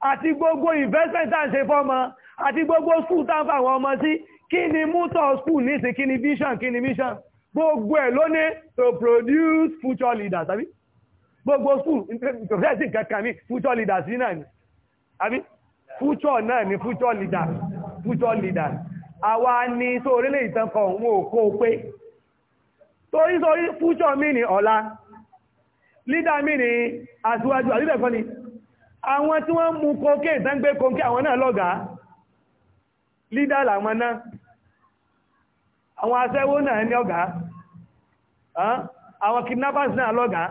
àti gbogbo investment tá ń ṣe fọ́mọ àti gbogbo school tá ń fáwọn ọmọ sí kí ni mutual school nísìn kí ni vision kí ni mission gbogbo ẹ̀ lónìí to produce future leaders àbí gbogbo school interpretation kankan ní future leaders náà ni àbí future náà ni future leaders future leaders àwa ni sóorílẹ̀ ìtànkọ̀ òun ò kó pé torí sórí future mi ni ọ̀la lídà mí ní àṣíwájú àdídẹ̀kọ́ ni àwọn tí wọ́n mú kókè ìtàngbé kókè àwọn náà lọ́gá lídà làwọn náà àwọn aṣẹ́wó náà ní ọ̀gá àwọn kidnappers náà lọ́gá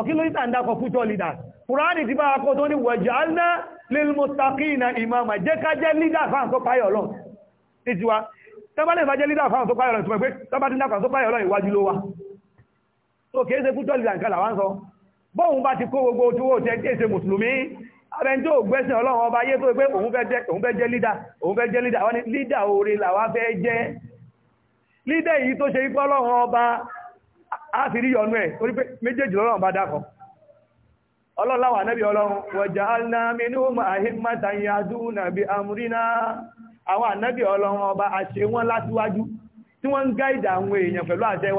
ọkílóítà ń dákọ̀ future leaders kùránì ti bá akọ́ tó ní waj'alna lilmuttaqina imama jẹ́ ká jẹ́ lídà fáwọn tó páyọ̀ lọ títí wa tọ́bá lè fà jẹ́ so kìí ṣe kútọ́lì ìlànkà làwọn sọ bóhun bá ti kó gbogbo ojúwó tẹ́ tí èsè mùsùlùmí abẹnjó gbẹ́sìn ọlọ́run ọba ayé tó pé òun fẹ́ jẹ́ lídà òun fẹ́ jẹ́ lídà wọ́n ni lídà oore làwọn fẹ́ jẹ́ lídà èyí tó ṣe ikọ́ ọlọ́run ọba á sì rí yọnu ẹ̀ torí pé méjèèjì lọ́rùn bá dákọ̀ ọlọ́run láwọn anábì ọlọ́run wọ̀jà aláminú àhímátà yadúnà bí amúrínà àwọn anábì ọlọ́run ọba àṣẹ wọn látiwájú tí wọ́n ń gáìdà àwọn èèyàn pẹ̀lú àṣẹ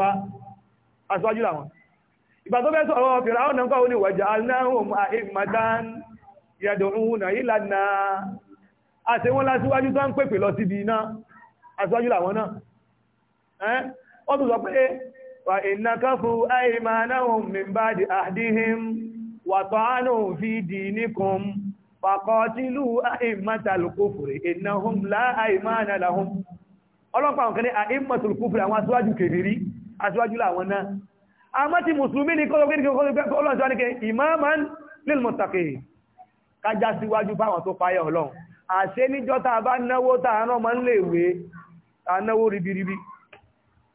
aṣáájú làwọn ìgbà tó bẹ́ sọ̀rọ̀ fìrà ọ̀nà nǹkan òní wàjà aláhùn àìmọ̀dán yad'una ila an-nar àti wọ́n lásíwájú tó ń pèpè lọ síbi iná aṣáájú làwọn náà ó tún sọ pé wà innakafu aymanahum min ba'di ahdihim wa ta'anu fi dinikum faqatilu a'immatal kufri innahum la ọlọ́pàá nǹkan ní àwọn aṣáájú kèfèrí aṣíwájú láwọn náà a mọ́ ti mùsùlùmí ní kọ́lọ̀gbẹ́ni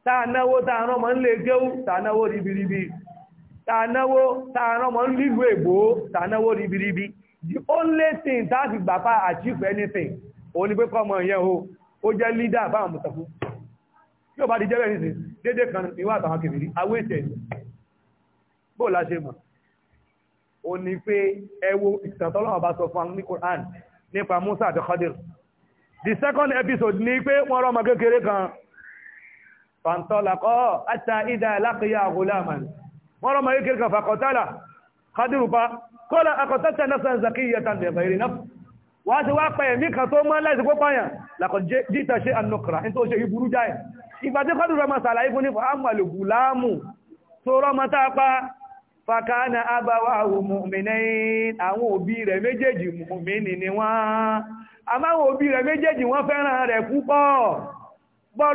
tànáwó tààrán mọ́ ń lè gẹ́wú tànáwó ribiribi tànáwó tààrán mọ́ ń lílù ègbò tànáwó ribiribi the only thing tàbí gbàpá achieve anything òun ni pé kọ́mọ̀ yẹn o ó jẹ́ tí ó bá di jẹ́rẹ̀ nìsìn dédé kan ìwà àtàwọn kèfèrí awéṣẹ́ bó la ṣe mọ̀ ó ní pé ẹ wo bá sọ fún àwọn nípa Musa àti Khadir the second episode ni pé wọ́n rọ́ ọmọ kékeré kan fàntọ́lákọ́ àtà ìdá alákìyà àgùlámàn wọ́n rọ́ ọmọ kékeré kan fàkọ̀tálà Khadir pa kọ́lá àkọ̀tẹ́tẹ̀ náà sàn zakiyyà tàn bẹ̀rẹ̀ ìrìnà wá ti wá pẹ̀yẹ̀ mí kan tó mọ́ láìsí pópáyàn làkọ̀ jíta ṣe ànọkra ní tó ṣe ìburú jáyẹ̀ ìgbà tí kọ́dù rọmọ sàlàyé fún ní fàámàlù gùlámù tó rọmọ tápá fàkánà obi mùmìnì àwọn òbí rẹ̀ méjèèjì mùmìnì ni wọ́n àmáwọn òbí rẹ̀ méjèèjì wọ́n fẹ́ràn bá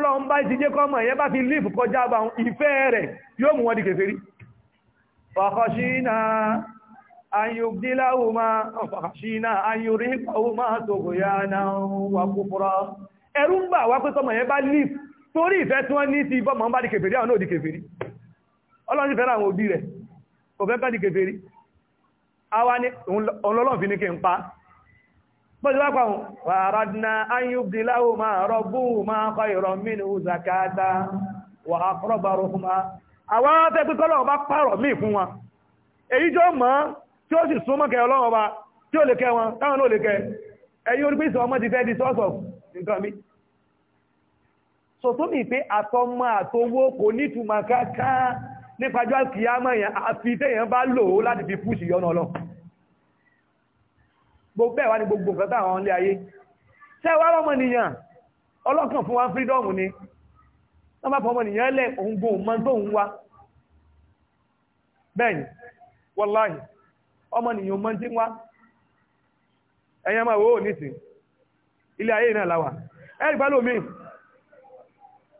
wọn wà kúfúrọ̀ ẹ̀rù ń bà wá pé tọ́mọ̀ bá lífù torí ìfẹ́ tí wọ́n ní ti bọ́ mọ́ bá di kèfèrí àwọn náà di kèfèrí ọlọ́run fẹ́ràn àwọn òbí rẹ̀ kò fẹ́ kán di kèfèrí àwa ni obi fi ní kí n pa bọ́sí wápá wọn wà rádínà ayúbdìláwò máa rọ́gbù orí pé ìsọ̀ ọmọ ti fẹ́ di source of so tó mi pé àtọmọ àtowó kò nítumọ̀ kankan nípajọ́ àkìyámọ̀ yẹn àfi téèyàn bá lò ó láti fi púùsì yọ́nà ọlọ́run gbogbo ẹ̀wà ni gbogbo nǹkan táwọn ilé ayé ṣe wá rọ́mọnìyàn ọlọ́kàn fún wa fírídọ́mù ni wọ́n bá fọmọnìyàn lẹ̀ òun gbóhùn mọ́ tó ń wá bẹ́ẹ̀ni wọ́láhì ọmọnìyàn ẹ̀yàn máa wò ó nìsín ilé ayé náà láwà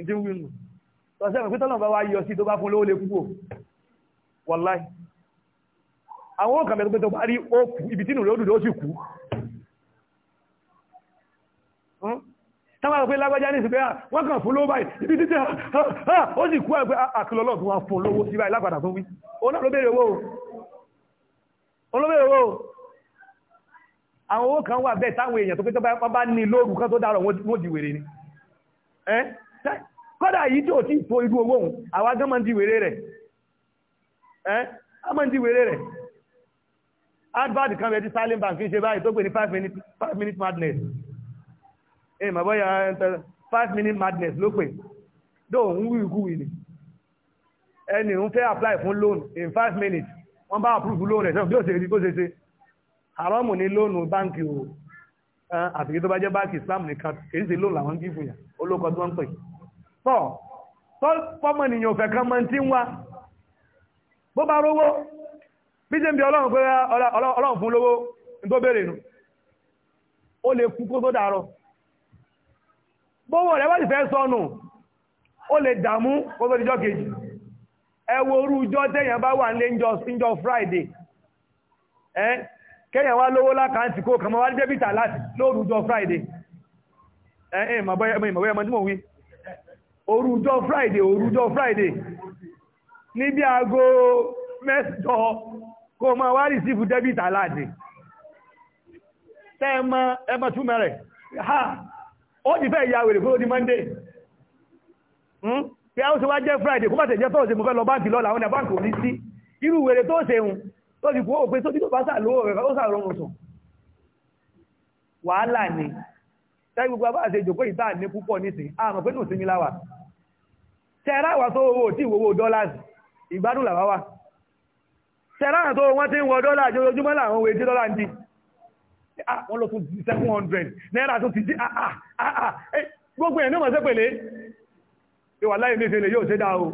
ìdí wínú tọ́sẹ̀ mọ̀ pé tọ́lọ̀ bá wá yọ sí tó bá fún lówó lè púpọ̀ wọ́láì àwọn òkà mẹ́rin pé tó bá rí òkú ibi tínú lóòdù ló sì kú hmm? táwọn àpé lágbájá ní ìsìnkú ah, wọ́n kàn fún lówó báyìí ibi títí ah, ah, ó sì kú ẹgbẹ́ àkìlọ́lọ́ tó wá fún lówó sí báyìí lágbàdà tó wí àwọn owó kan wà bẹ́ẹ̀ táwọn èèyàn tó pé tó bá ní lóòrù kan tó dárọ̀ wọ́n di wèrè ni kọ́dà yìí tí ò tí tó irú owó òun àwa gan máa ń di wèrè rẹ̀ ẹ́ a máa ń di wèrè rẹ̀ advert kan rẹ̀ tí silent bank ń ṣe báyìí tó pè ní five minute five minute madness ẹ̀ mà bọ́yá five minute madness ló pè dó òun wí ikú wì ni ẹni òun fẹ́ apply fún loan in five minutes wọ́n bá approve loan rẹ̀ sẹ́wọ̀n bí ó ṣe rí bó ṣe ṣe haramu ní lónù báńkì o àfi tó bá jẹ́ báńkì Islam nìkan kì í ṣe loan làwọn ń kí fún yà olókọ tí wọ́n ń pè é pọ̀ pọ́mọ̀nìyàn òfẹ́ kan mọ́ tí ń wá bó bá rówó bí jẹ́ ń bí ọlọ́run pé ọlọ́run fún lówó tó bèèrè nù ó lè kú kó tó dàrọ bówó rẹ̀ wọ́n sì fẹ́ sọnù ó lè dàmú kó tó dijọ́ kejì orú ijọ́ tẹ́yàn bá wà nílé ìjọ Friday kẹ́yàn wá lówó orújọ́ Friday orújọ́ Friday níbi aago mẹ́jọ kó máa wá rìsífù debit aláàdì tẹ́ẹ̀mọ́ ẹmọ́ túnmẹ́ rẹ̀ ha ó ti fẹ́ ìyá wèrè fún ó di Monday pé hmm? a ó ṣe wá jẹ́ Friday kó bàtẹ̀ jẹ́ Thursday mo fẹ́ lọ báńkì lọ́la àwọn ẹ̀báńkì ò ní sí irú wèrè tó ṣe hun tó ti kú ó pé tó ti tó bá sà lówó rẹ̀ tẹ́ gbogbo abá àṣẹ ìjòkó ìta ní púpọ̀ nísìn àmọ̀ pé nù sinmi láwà tẹ́rà wà tó owó tí ìwòwò dọ́làsì ìgbádùn làwá wà tẹ́rà tó wọ́n ti ń wọ dọ́là ojoojúmọ́ làwọn òwe tí dọ́là ń di ah, wọ́n lọ tún di hundred náírà tó ti di ah, ah, eh, gbogbo ẹ̀ ní ọmọ sẹ́pẹ̀lẹ́ ìwà láyé ní ìṣẹ̀lẹ̀ yóò ṣe dá o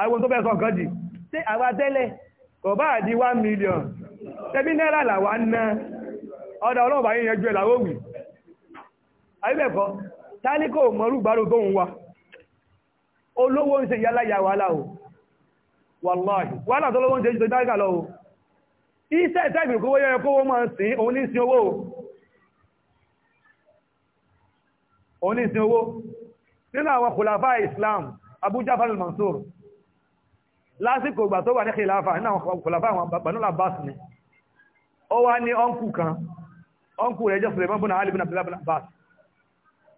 àwọn tó bẹ́ẹ̀ sọ nǹkan jì tí àwa tẹ́lẹ̀ kò million tẹ́bí náírà làwa ń ná ọ̀dà ọlọ́ọ̀bà yẹn yẹn àbíbẹ̀kọ́ tálíkò mọ̀rú gbárò tó ń wa olówó ń ṣe yálàyà wàhálà o wàláhì wàhálà tó lówó ń ṣe jùlọ tálíkà lọ o iṣẹ́ ìtẹ́gbì kówó yẹ kówó máa ń sin òun ní sin owó òun ní sin owó nínú àwọn kòlàfà Islam Abu Ja'far al-Mansur lásìkò ìgbà tó wà ní kìláfà nínú àwọn kòlàfà ó wá ní ọ́nkù kan ọ́nkù rẹ̀ jẹ́ Suleiman bin Ali bin Abdullah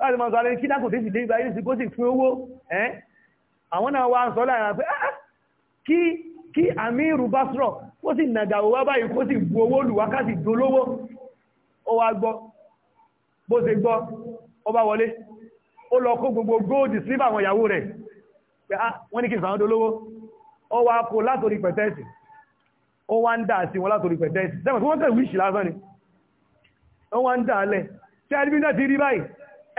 láti máa sọ́rọ̀ kí dákùn tèsì dé ìbáyé sí kó sì fún owó ẹ́ àwọn náà wá ń sọ láàrin pé ah, ah, kí kí àmìrù bá sọ́rọ̀ kó sì nàgàwó wá báyìí kó sì bu owó lù wákàtí dolówó ó wá gbọ́ bó ṣe gbọ́ ó bá wọlé ó lọ kó gbogbo góòdì sílíbà àwọn ìyàwó rẹ̀ pé ah, wọ́n ní kí sàwọn dolówó ó wá kó látòrí pẹ̀tẹ́ẹ̀sì ó wá ń dà sí wọn látòrí pẹ̀tẹ́ẹ̀sì sẹ́wọ̀n tí wọ́n tẹ̀ wíṣì lásán ni ó wá ń dà lẹ̀ tí a ti rí báyìí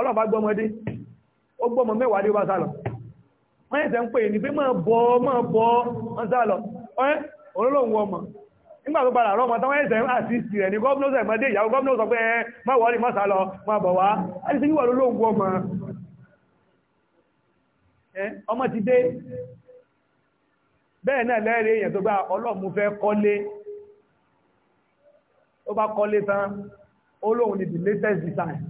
ọlọ́run bá gbọ́mọdé ó gbọ́mọ mẹ́wàá dé ó bá sálọ wọ́n ẹ̀sẹ̀ ń pè ní pé máa bọ́ máa bọ́ wọ́n sálọ ẹ́ olólùwọ̀n wọ́n mọ̀ nígbà tó padà rọ́mọ táwọn ẹ̀sẹ̀ àtìsì rẹ̀ ní gọ́ọ̀nà sẹ̀mọ́dé ìyàwó gọ́ọ̀nà sọ pé ẹ má wọ́ọ̀lì má sálọ má bọ̀ wá àti sí wà lólóògùn ọmọ ọmọ ti dé bẹ́ẹ̀ náà lẹ́rẹ̀ èèyàn tó gbá ọlọ́mù fẹ́ kọ́lé ó bá kọ́lé tán olóhun ni the latest design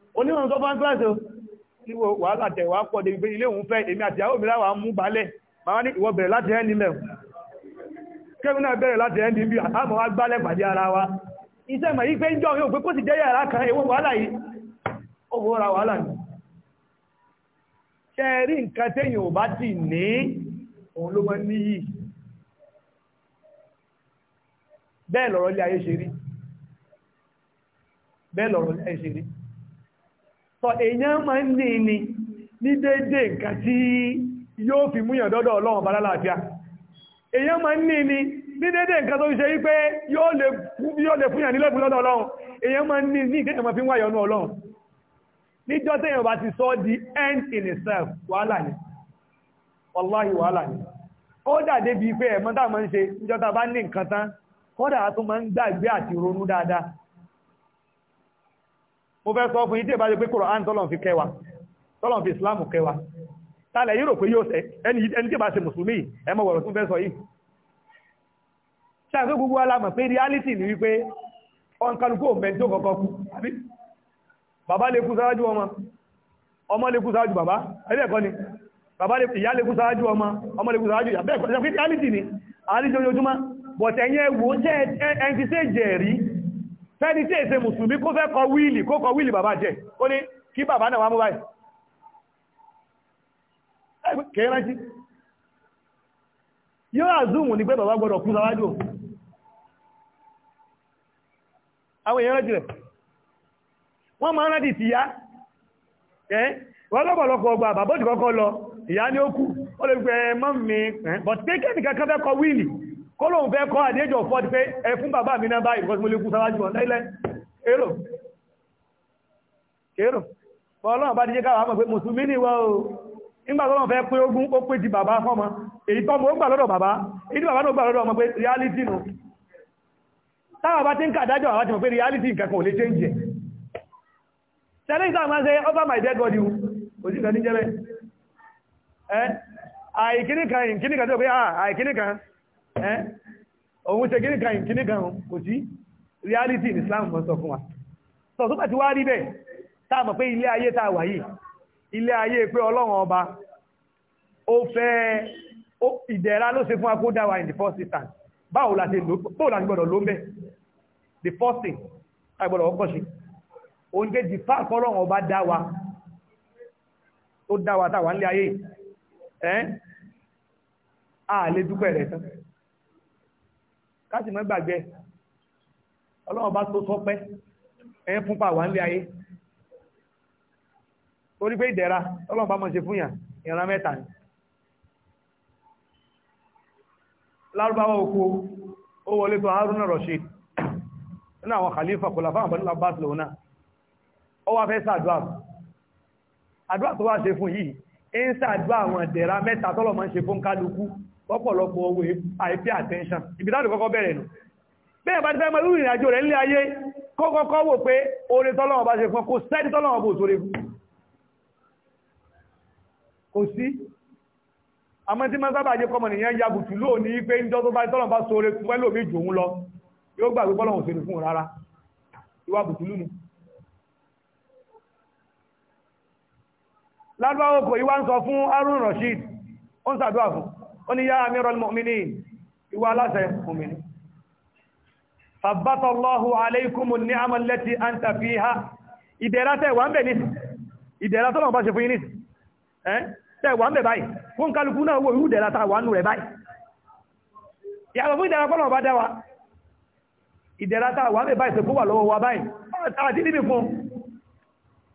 oníwọ̀n tó fán kíláàsì tí wàhálà tẹ̀wà pọ̀ débi ilé òun fẹ́ èmi àti àwọn òmìnira wà mú balẹ̀ wá ní ìwọ bẹ̀rẹ̀ láti ẹni mẹ́ náà bẹ̀rẹ̀ láti ẹni bí àmọ́ wá gbálẹ̀ pàdé ara wa iṣẹ́ yí pé ń jọ pé kó sì jẹ́ yàrá kan wàhálà yìí ó ra wàhálà ṣe rí nǹkan ò bá ti ní òun ló níyì bẹ́ẹ̀ lọ̀rọ̀ ayé ṣe rí bẹ́ẹ̀ sọ èèyàn ma ń ní ni ní déédé nǹkan tí yóò fi múyàn dọ́dọ̀ ọlọ́run bá lálàáfíà èèyàn ń ní ni ní déédé nǹkan tó ṣe wípé yóò lè fúnyàn nílẹ̀kùn lọ́dọ̀ ọlọ́run èèyàn máa ń ní ní ìkéyàn fi ń wáyọ̀ ọlọ́run ti di end in itself mo fẹ́ sọ fún yín tí ìbá jẹ́ pé Kùránì tọ́lọ̀ fi kẹwàá tọ́lọ̀ fi Islam kẹwàá tálẹ̀ yóò rò pé yóò sẹ́ ẹni tí ìbá ṣe mùsùlùmí ẹ mọ̀ wọ̀rọ̀ tún fẹ́ sọ yìí ṣáà pé gbogbo alamọ̀ pé reality ni wípé ọ̀nkanukú mẹ́ntó kọ̀kọ́ kú àbí bàbá lè sáájú ọmọ ọmọ lè sáájú bàbá ẹgbẹ́ ni bàbá lè ìyá lè kú sáájú ọmọ ọmọ lè kú sáájú ìyá bẹ́ẹ̀ kọ́ reality ni àríjọjọjúmọ́ bọ̀tẹ̀yẹ wo ṣẹ́ ẹ ti ṣe jẹ̀rí fẹ́ni tí èsè mùsùlùmí kó fẹ́ kọ wíìlì kó kọ wíìlì bàbá jẹ ó ní kí bàbá náà wá mú báyìí kẹ́ rántí yóò àzúmù ní pé bàbá gbọ́dọ̀ kú sáwájú àwọn èèyàn rántí rẹ̀ wọ́n máa rántí ti yá ẹ́ wọ́n lọ́pọ̀lọpọ̀ ọgbà bàbá òjì kọ́kọ́ lọ ìyá ní ó kú ó lè gbẹ̀ẹ́ mọ́ mi bọ̀t kólóhùn fẹ́ kọ́ àdéjọ́ fọ́dí pé ẹ fún bàbá mi náà báyìí kọ́sí mo lè kú sáwájú wọn lẹ́lẹ́ èrò èrò ọlọ́run bá díjé káwàá mọ̀ pé mùsùlùmí ni wọ́n o nígbà tọ́lọ́run fẹ́ pé ogún ó pé ti bàbá fọ́mọ èyí tọ́mọ ó gbà lọ́dọ̀ bàbá ìdí bàbá náà gbà lọ́dọ̀ ọmọ pé reality nù táwọn bá ti ń kàdájọ́ àwọn ti mọ̀ pé reality nǹkan kan ò lè change ẹ̀ tẹ́lẹ̀ ìsáà máa ń ṣe over my dead body òsì kan ní jẹ́lẹ̀ ẹ̀ àìkíníkan ìkíníkan tó pé ah, ẹ́ òun ṣe kíní kan kíní kan kò sí reality in Islam wọ́n sọ fún wa sọ tó pàtí wá rí bẹ́ẹ̀ tá a mọ̀ pé ilé ayé tá a wà yìí ilé ayé pé ọlọ́run ọba ó fẹ́ ìdẹ̀ra ló ṣe fún wa kó dá wa in the first instance báwo la ṣe lò báwo la ṣe gbọ́dọ̀ ló ń bẹ́ the first thing a gbọ́dọ̀ ọkọ̀ ṣe oúnjẹ di fáàkọ́ ọlọ́run ọba dá káti mọ́ gbàgbé ọlọ́run bá tó sọpẹ́ ẹ̀yẹn fún pàwà ńlẹ̀ ayé torí pé ìdẹ̀ra ọlọ́run bá mọ̀ ṣe fún yàn ìran mẹ́ta ni lárúbáwá oko ó wọlé tó Haruna Rashid nínú àwọn khalifa kò làfáà bọ̀ nílá bàtìlò náà ó wá fẹ́ sàdúà àdúà tó wá ṣe fún yìí ń sàdúà àwọn ìdẹ̀ra mẹ́ta tọ́lọ̀ máa ṣe fún kálukú ọ̀pọ̀lọpọ̀ owó àìpé attention ibi láti kọ́kọ́ bẹ̀rẹ̀ nù bẹ́ẹ̀ bá ti fẹ́ mọ́ irú ìrìnàjò rẹ̀ nílé ayé kọ́kọ́kọ́ wò pé oore tọ́lọ́wọ́ bá ṣe fún kò sẹ́ni tọ́lọ́wọ́ bò sóre fún kò sí àmọ́ tí ń sọ fún Harun Rashid ó ń ṣàdúrà fún ó ní yá amírọ̀lù mọ̀mìnì ìwà aláṣẹ mọ̀mìnì sàbátọ̀ lọ́hù aláìkúmù ní amọ̀lẹ́tì àǹtà fi ha ìdẹ̀ra tẹ́ wà ń bẹ̀ ní ìdẹ̀ra tó lọ́wọ́ bá ṣe fún yín ní tẹ́ wà ń bẹ̀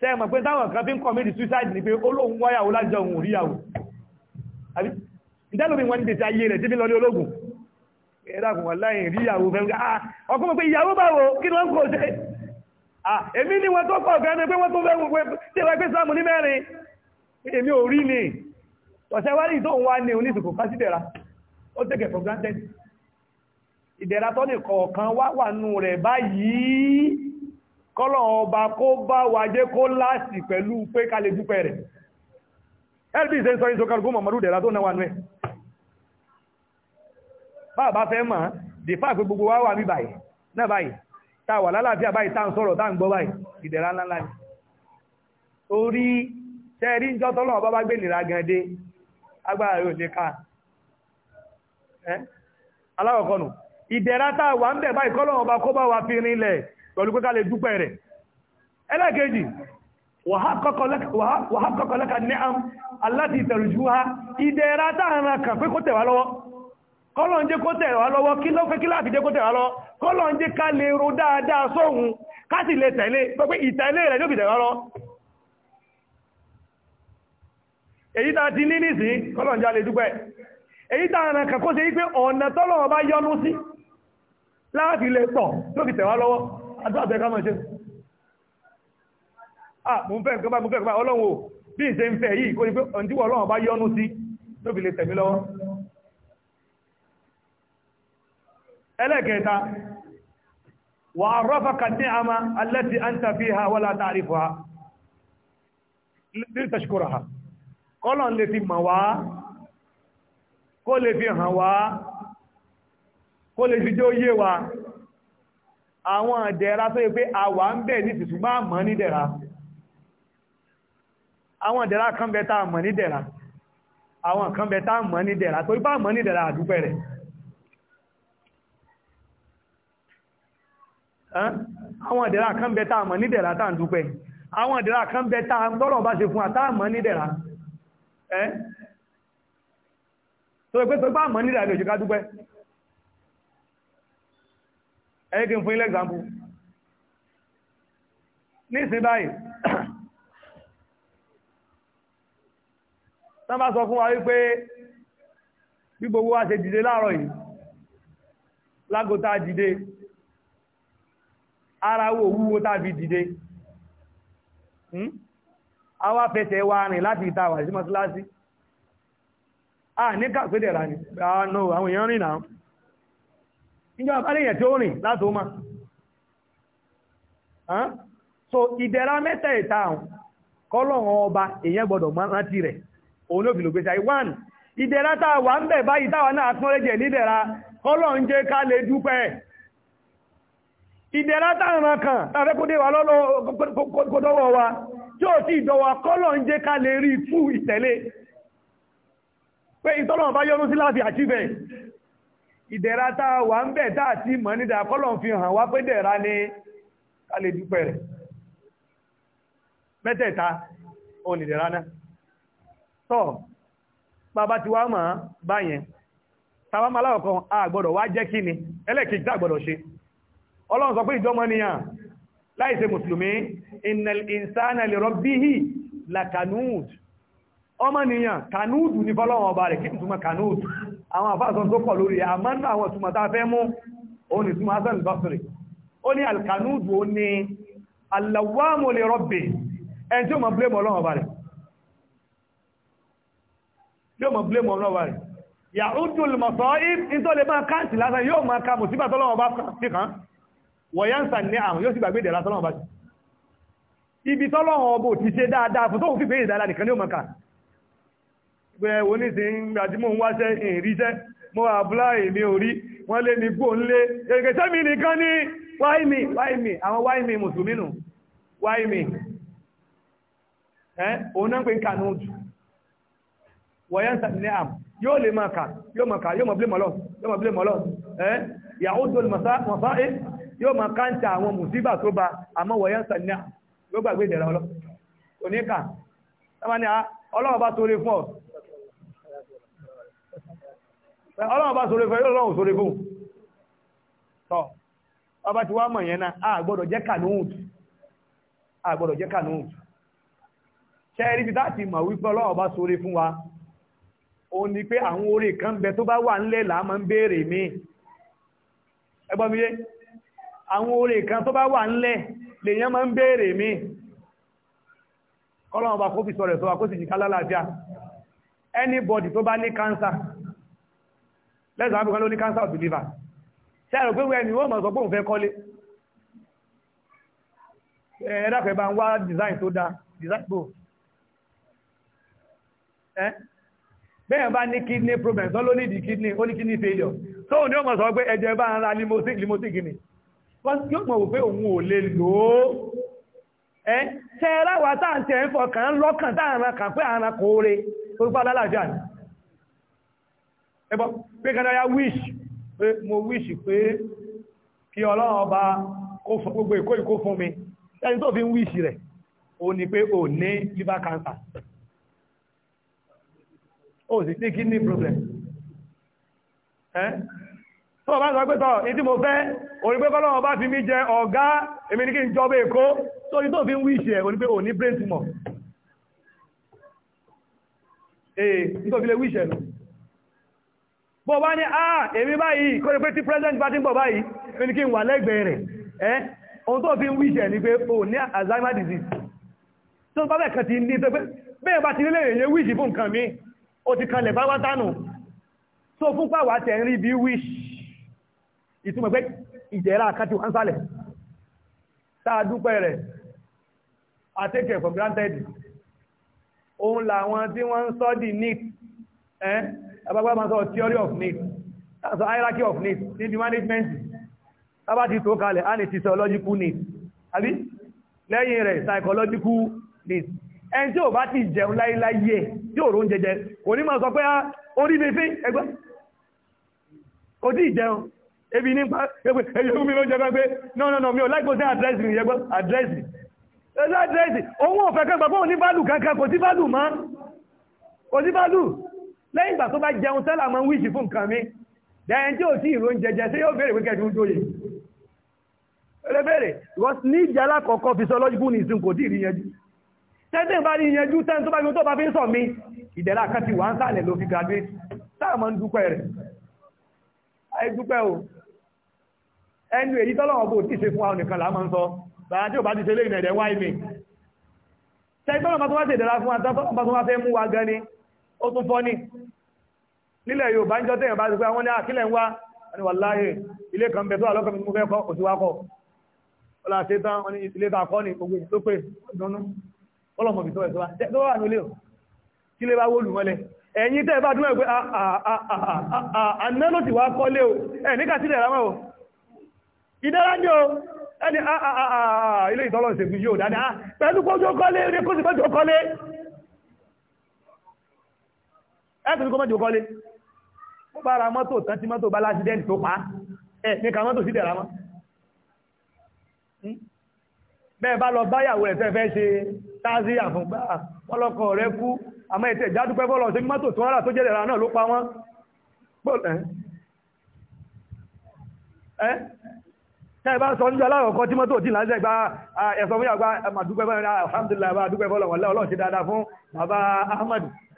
sẹ́ẹ̀mọ̀ pé táwọn kan fi ń commit suicide ni pé olóhun wáyàwó lájọ òun ò ríyàwó àbí ìdálómi wọn ní tètè ayé rẹ̀ tí fi lọ ní ológun ẹ̀dàkùn wọn láì ríyàwó fẹ́ ah, ọkùn mọ̀ pé ìyàwó báwo kí ló ń kò ṣe ah, èmi ni wọn tó ni pé wọ́n tó fẹ́ wọn ni ọ̀sẹ̀ wá ní tó ń wá ní oníṣòkò kásìdẹ̀ra ó tẹ̀kẹ̀ for granted ìdẹ̀ra wá wà nù rẹ̀ báyìí kọ́lọ̀ ọba kó bá wájé kó láàsì pẹ̀lú pé ká lè dúpẹ́ rẹ̀ lb ṣe ń sọ ìṣọ́ karùn-ún mọ̀mọ̀rú dẹ̀ra tó náwà nú ẹ̀ bàbá fẹ́ mọ̀ dè fà pé gbogbo wa wà ní báyìí náà báyìí tá wà lálàáfíà báyìí tá ń sọ̀rọ̀ tá ń gbọ́ báyìí ìdẹ̀ra ńláńlá ni pẹ̀lú pé ká lè dúpẹ́ rẹ̀ ẹlẹ́kejì wàhákọ́kọ́ lẹ́ka ní àm aláti ìtẹ̀rùjú ha ìdẹ̀ra táàrà pé kó tẹ̀wà lọ́wọ́ kọ́lọ̀n jẹ́ kó tẹ̀wà lọ́wọ́ kí ló kí láti jẹ́ kó tẹ̀wà lọ́wọ́ jẹ́ ká lè ro dáadáa sóhun lè tẹ̀lé pé ìtẹ̀lé rẹ̀ tẹ̀wà lọ èyí tá ti ní nìsí kọ́lọ̀n jẹ́ lè dúpẹ́ èyí táàrà kàn kó ṣe wípé ọ̀nà tọ́lọ̀ yọnu sí láti lè tọ̀ àdúrà tẹ́ ká máa ṣe ah mo ń fẹ́ nǹkan bá mo fẹ́ nǹkan bá ọlọ́run o bí ìṣe ń fẹ́ yìí kò ní pé ọ̀ntíwọ̀ ọlọ́run bá yọ́nú sí tó fi lè tẹ̀mí lọ́wọ́ ẹlẹ́kẹta wà rọ́fàkà ní àmà alẹ́tì àǹtàfí ha wọ́n láta ha ní tàṣíkòrò ha kọ́lọ̀n lè fi mọ̀ wá kó lè fi hàn wá kó lè fi jẹ́ ó yé wa àwọn ìdẹ̀ra tó yẹ pé a wà ń bẹ̀ ní tìtùgbà mọ̀ ní dẹ̀ra àwọn ìdẹ̀ra kan bẹ tá mọ̀ ní dẹ̀ra àwọn kan bẹ tá mọ̀ ní dẹ̀ra torí bá mọ̀ ní dẹ̀ra àdúpẹ́ rẹ̀ àwọn ìdẹ̀ra kan bẹ tá mọ̀ ní dẹ̀ra tá àdúpẹ́ àwọn ìdẹ̀ra kan bẹ tá tọ́rọ̀ bá ṣe fún àtá mọ̀ ní dẹ̀ra ẹ́ tó yẹ pé torí bá mọ̀ ní dẹ̀ra lè ṣe ká dúpẹ́ ẹ̀yẹ́kí fún ilé example ní ìsìn báyìí tán bá sọ fún wa wípé bí gbogbo wa ṣe dìde láàárọ̀ yìí lágótá dìde ara wo wúwo tàbí dìde hmm? a wá fẹsẹ̀ wa rìn láti ìta wà sí mọ́síláṣí a ní kàpẹ́dẹ̀ rà ní àwọn èèyàn rìn náà níjọ́ àbáríyàn tí ó rìn láti ó so ìdẹ̀ra mẹ́tẹ̀ẹ̀ta àwọn kọ́lọ̀wọ̀n ọba èyàn gbọ́dọ̀ rántí rẹ̀ òun ló fi lò pèsè àìwán ìdẹ̀ra tàà wà ń bẹ̀ báyìí táwà náà tún rẹ̀jẹ̀ nídẹ̀ra kọ́lọ̀ ìdẹ̀ra tá a wà ń bẹ̀ tá a ti mọ̀ nídà kọ́lọ̀ fi hàn wá pé dẹ̀ra ni ká lè dúpẹ́ rẹ̀ mẹ́tẹ̀ẹ̀ta òun ni dẹ̀ra náà tọ́ bàbá ti wá mọ̀ báyẹn tàbá máa láwọ̀kan a gbọ́dọ̀ wá jẹ́ kí ẹlẹ́kìí tá gbọ́dọ̀ ṣe ọlọ́run sọ pé ìjọmọ nìyàn láìṣe mùsùlùmí innal insana la kanud ọmọ nìyàn kanud ní fọlọ́wọ̀n ọba rẹ̀ kí n túnmọ̀ kanud àwọn àfáàsán tó pọ̀ lórí àmọ́ náà àwọn ìtumọ̀ tá fẹ́ mú òun ni túnmọ̀ Hasan al-Basri ó ní alkanudu ó ní alawamu li rabbi ẹni tí ó mọ̀ blame ọlọ́wọ́ bá rẹ̀ tí ó mọ̀ blame ọlọ́wọ́ bá rẹ̀ yà ó dùn mọ̀sọ́ ìtọ́ ibi tọ́lọ́wọ́ bó ti ṣe dáadáa fún tóun fi gbé bẹ́ẹ̀ oníṣẹ́ ìgbàjímọ̀ ń wáṣẹ́ ìrìṣẹ́ mọ́ àbúlá èmi orí wọ́n lé ní nle ń lé èrìkẹ́ sẹ́mi nìkan ní wáìmì wáìmì àwọn wáìmì mùsùlùmí nù wáìmì ẹ́ òun náà pé ń kà náà jù wọ̀yẹ́ ní àm yóò lè máa kà yóò máa kà yóò máa blé mọ́lọ́ àwọn tó ba àmọ́ wọ̀yẹ́ ní àm yóò gbàgbé ìdẹ̀rẹ̀ ọlọ́ ọlọ́run bá sọ̀rọ̀ ìfẹ́ ọlọ́run sọ̀rọ̀ ìfún tọ́ ọba ti wá mọ̀ yẹn náà a gbọ́dọ̀ jẹ́ kanúùtù a gbọ́dọ̀ jẹ́ kanúùtù ṣe rí bí láti mọ̀ wípé ọlọ́run bá sọ̀rọ̀ fún wa o ní pé àwọn orí kan bẹ tó bá wà ńlẹ̀ là máa ń béèrè mí ẹgbọ́n àwọn orí kan tó bá wà lèyàn máa kó sì lẹ́sọ̀ áfíríkà ló ní cancer of believer ṣe àrò pé wẹ́n wọ́n mọ̀ sọ pé òun fẹ́ kọ́lé ń wá design tó design bò ẹ́ bẹ́ẹ̀ bá ní kidney problem tó ló kidney ó ní kidney failure tó ó mọ̀ sọ pé bá ń ra wọ́n yóò mọ̀ wò pé òun ò lè lò ó ẹ́ táà ń fọkàn lọ́kàn táà ń ra kàn pé alálàáfíà ni ẹgbọ́ pé kẹdàyà wish pé mo wish pé kí ọlọ́run ọba gbogbo ìkó ìkó fún mi ẹni tó fi ń wish rẹ̀ ó ní pé ó ní liver cancer ó sì ní kidney problem tó bá sọ pé tọ́ ìdí mo fẹ́ orí pé kọ́lọ́run bá fi mí jẹ ọ̀gá èmi ní kí n jọba èkó tó ní tó fi ń wish ẹ̀ ó ní pé ó ní brain tumor ee nítorí lè wish ẹ̀ lọ bọ́ bá ní àà ah, èmi báyìí kó pé tí president bá ti ń bọ̀ báyìí ní kí n wà lẹ́gbẹ̀ẹ́ rẹ̀ ẹ́ ohun tó fi ń wíṣẹ̀ ní pé o ní Alzheimer's disease tó bá bẹ̀ẹ̀ kan ti ní pé bẹ́ẹ̀ bá ti nílé èyàn wíṣì fún nǹkan mi ó ti kanlẹ̀ bá wátánù tó fún pàwà tẹ̀ ń rí bí wíṣ ìtumọ̀ pé ìjẹ́ra àkáti wà ń sálẹ̀ tá a I take it for granted òun làwọn tí wọ́n ń sọ́dì ní ẹ́ abágbá máa sọ theory of needs so hierarchy of needs need management bábá ti tó kalẹ̀ a ní physiological needs àbí lẹ́yìn rẹ̀ psychological needs ẹn tí ò bá ti jẹun láíláyé tí òrùn jẹjẹ kò ní máa sọ pé ah, orí mi fín ẹgbẹ́ kò tí ìjẹun ebi nípa ẹgbẹ́ mi ló jẹ pé no no no mi ò láìpò sí àdírẹ́sì mi yẹgbọ́ àdírẹ́sì ẹgbẹ́ àdírẹ́sì òun ò fẹ́ kẹ́gbà fún òní bálù kankan kò sí bálù mọ́ kò sí bálù lẹ́yìn ìgbà tó bá jẹun tẹ́lá mọ́ wíṣì fún nǹkan mi dẹ́yìn tí ò sí ìrò jẹjẹ sí yóò bèèrè wíkẹ́ ìdúró jòyè ẹlẹ́bẹ̀rẹ̀ because ní ìjà alákọ̀ọ́kọ́ physiological ní ìsìn kò tí ìrìyànjú tẹ́tẹ́ bá ní ìyànjú tẹ́n tó bá gbé tó bá fi ń sọ mi ìdẹ̀lá kan ti wà ń sàlẹ̀ ló fi graduate sáà mọ́ ń dúpẹ́ rẹ̀ ayé dúpẹ́ o ẹnu èyí tọ́lọ́wọ́ bò tí ṣe fún àwọn nìkan là máa ń sọ bàá tí ò bá ti ṣe lé ìrìnàjẹ́ wáìmì tẹ́gbọ́n bá tó wá ṣèdẹ̀lá fún àtàkọ́ bá tó wá fẹ́ mú wa gan ni ó tún fọ́ ní nílẹ̀ Yorùbá ń jọ tẹ́yàn bá ti pé àwọn ní àkílẹ̀ ń wá ẹni wà láàyè ilé kan bẹ̀ tó wà lọ́kọ̀ mímú fẹ́ kọ́ òsíwákọ̀ ọlá àti tán wọn ni ilé ta kọ́ ní gbogbo tó pé dánú ọlọ́mọ bìtọ́ ẹ̀sọ́ tó wà nílé o kí lè bá wó lù mọ́lẹ̀ ẹ̀yin tẹ́ bá dúnmọ̀ pé àná ló ti wá kọ́ lé o ẹ̀ ní kàtílẹ̀ rámọ́ o ìdára ní o ẹni ilé ìtọ́lọ̀ ìṣègùn yóò dáadáa pẹ̀lú kójú ẹ́kùn kó mọ́jù kọ́lé ó bá ra mọ́tò tán tí mọ́tò bá lásìdẹ́ntì tó pa ẹ̀ ní ká mọ́tò sí dẹ̀ra mọ́ hmm? bẹ́ẹ̀ bá lọ báyàwó ẹ̀ tẹ́fẹ́ ṣe táàzí àfúngbà ọlọ́kọ̀ rẹ̀ kú àmọ́ ètẹ̀ ìjádúpẹ́ bọ́lọ̀ sí mọ́tò tó rà tó jẹ́ dẹ̀ra náà ló pa wọ́n tẹ́ bá sọ níjọ́ aláwọ̀kọ́ tí mọ́tò tí láti ẹgbà ẹ̀sọ̀múyàgbà àmàdúgbẹ́bọ́lọ̀ alhamdulillah bá dúgbẹ́bọ́lọ̀ wọ́lẹ́ ọlọ́ọ̀ṣẹ́ dáadáa fún bàbá Ahmadu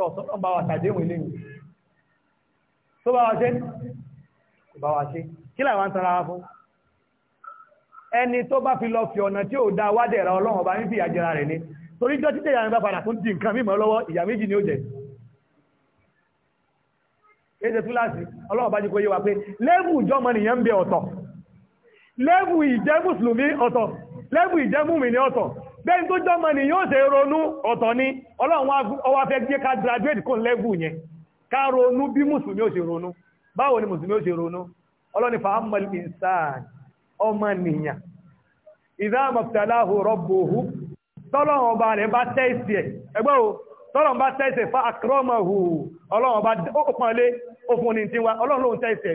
tọ̀sán náà bá wa ilé ìwé tó bá wa ṣe bá wa ṣe kí làwọn ń tara wa fún ẹni tó bá fi lọ fi ọ̀nà tí ó da wádẹ̀ẹ̀rẹ̀ ọlọ́run ọba ń fi àjẹrà rẹ̀ ní torí jọ títẹ̀ ìyá bá padà nǹkan lọ́wọ́ ni ó túláàsì ọlọ́run bá yé wa pé lẹ́bù nìyẹn ń bẹ ọ̀tọ̀ bẹ́ẹ̀ tó jọ mọ̀ ní yóò ṣe ronú ọ̀tọ̀ ni ọlọ́run ọwá fẹ́ gbé ká graduate kó lẹ́gùn yẹn ká ronú bí mùsùlùmí ó ṣe ronú báwo ni mùsùlùmí ó ṣe ronú ọlọ́ni fa'ammal insan ọmọ nìyàn idha mabtalahu rabbuhu tọ́lọ́run ọba rẹ̀ bá tẹ́ẹ̀sì ẹ̀ ẹgbẹ́ o tọ́lọ́run bá tẹ́ẹ̀sì fa akramahu ọlọ́run bá pọ̀nlé òfin ní tiwa ọlọ́run lóhun tẹ́ẹ̀sì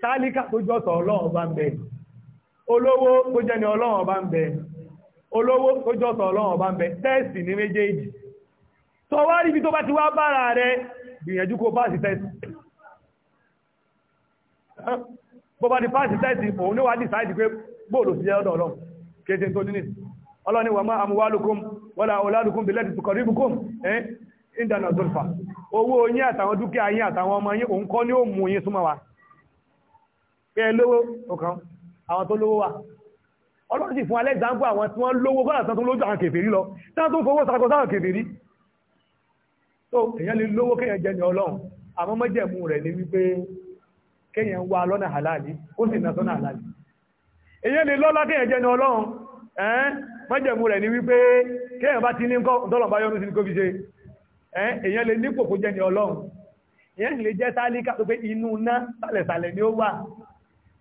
tálíkà tó jọ́sọ̀ ọlọ́run bá ń bẹ olówó tó jẹ́ni ọlọ́run bá ń bẹ olówó tó jọ́sọ̀ ọlọ́run bá ń bẹ tẹ́ẹ̀sì ní méjèèjì tó ibi tó bá ti wá bára rẹ gbìyànjú kó páàsì tẹ́ẹ̀sì bó bá ti páàsì tẹ́ẹ̀sì òun ní wá dì sáìdì pé bóòlù sí ọ̀dọ̀ ọlọ́run kéde tó ní ọlọ́ni wà má amúwálùkún wọ́la olálùkún bí lẹ́tù tukọ̀ríbùkún ẹ́ ìdánà zolfa owó yín àtàwọn dúkìá ọmọ òun kọ́ pé ẹ lówó ọkàn àwọn tó lówó wà ọlọ́run sì fún alẹ́ ìdáǹgbò àwọn tí wọ́n lówó kọ́nà tán tó lójú àwọn kèfèrí lọ tán tó fowó sàkó sáwọn kèfèrí tó èèyàn lè lówó kéèyàn jẹ ní ọlọ́run àmọ́ mọ́jẹ̀mú rẹ̀ ni wípé kéèyàn wá lọ́nà àlàálì ó sì nà sọ́nà àlàálì èèyàn lè lọ́lá kéèyàn jẹ ní ọlọ́run ẹ́n mọ́jẹ̀mú rẹ̀ ni wípé kéèyàn bá ti ní nǹkan tọ́lọ̀ bá yọ́nu sí ní kó fi ṣe èèyàn lè nípò kó jẹ ní ọlọ́run èèyàn lè jẹ́ tálíkà tó pé inú ná sàlẹ̀sàlẹ̀ ni ó wà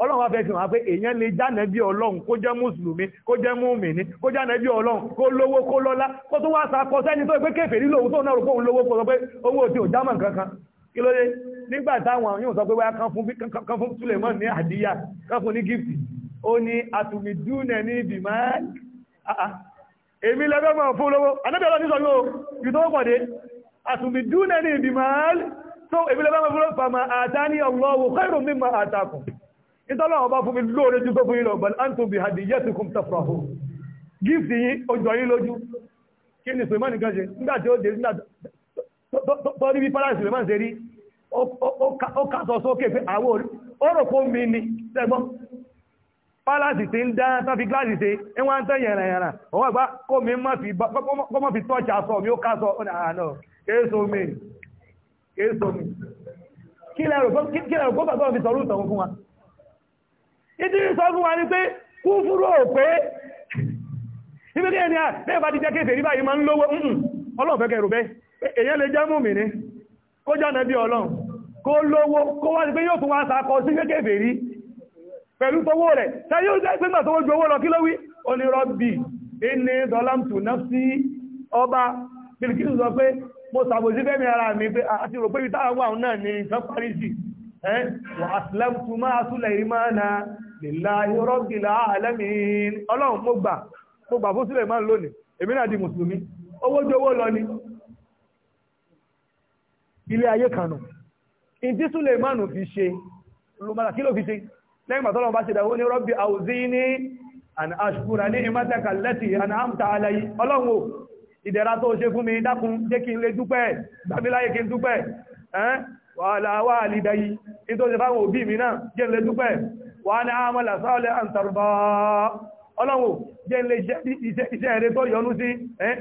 ọlọ́run afẹ́ fi hàn pé èèyàn lè jáde bí ọlọ́run kó jẹ́ mùsùlùmí kó jẹ́ mùmìnì kó jáde bí ọlọ́run kó lówó kó lọ́lá kó tó wá sàkọ sẹ́ni tó pé kéfèé nílò òun tó náà rò pé òun lówó kó sọ pé owó tí ò jámọ̀ kankan kí ló dé nígbà táwọn yóò sọ pé wáyà kan fún kan fún túlẹ̀ mọ́ ní àdíyà kan fún ní gífì ó ní àtùmídúnẹ̀ ní ìbìmọ̀ èmi lẹ́gbẹ́ mọ̀ fún lówó anábẹ́ ọlọ́ni sọ yóò yìí tó pọ̀dé àtùmídúnẹ̀ ní ìbìmọ̀ so èmi lẹ́gbẹ́ mọ̀ fún lówó fàmà àtàní ọlọ́wọ́ kẹ́rù mímọ̀ àtàkùn ìtọ́lọ́wọ́ bá fún mi lóore jù tó fún yín lọ bẹ̀rẹ̀ antum bi hadiyatikum gift yín ojú ọyín lójú kí ni Sulemani kan ṣe nígbà ó dé nígbà bí palace Sulemani ṣe rí ó sókè orí ti ń dá sáfi ṣe ń wá ń tẹ́ yẹ̀rẹ̀ yẹ̀rẹ̀ ọwọ́ fi tọ́ọ̀ṣì ah, mi kí lẹ́rù kó bàbá sọ̀rọ̀ fún ìdírí sọ fún wa ní pé kú fúrú ò pé ìbílẹ̀ ẹni a bẹ́ẹ̀ bá ti jẹ́ kéfèé rí báyìí máa ń lówó ọlọ́run fẹ́ kẹrù bẹ́ẹ̀ èyàn lè jẹ́ mùmìnì kó jẹ́ ọ̀nà bí ọlọ́run kó lówó kó wá sí pé yóò tún wá sàkọ sí kéfèé rí pẹ̀lú tówó rẹ̀ tẹ́ yóò jẹ́ pé gbàtówó ju owó lọ kí lówí onírọ́bì ẹni dọ́lámtù náà sí ọba bìlìkì sọ pé mo sàbòsí fẹ́mi ara mi pé àti rò pé ibi táwọn wà náà ni ìfẹ́ parí sí wà aslamtu máa Sulaimana lillahi rabbil alamin ọlọ́run mo gbà mo gbà fún Sulaimana lónìí èmi náà di mùsùlùmí owó jowó lọ ni ilé ayé kanu ìdí Sulaimana fi ṣe lọ́mọ́ta kí ló fi ṣe lẹ́yìn bàtọ́lọ́ bá ṣe dáwó ní rabbi awzini an ashkura ní ìmọ́tẹ̀kà lẹ́tì an'amta alayhi ọlọ́run ìdẹ̀ra tó ṣe وعلى والدي انتو نفاهم بي منا جنلي دوبي وانا اعمل صالحا ترضى Ọlọ́run jẹ́ lè iṣẹ́ rẹ̀ tó yọnú sí ẹ́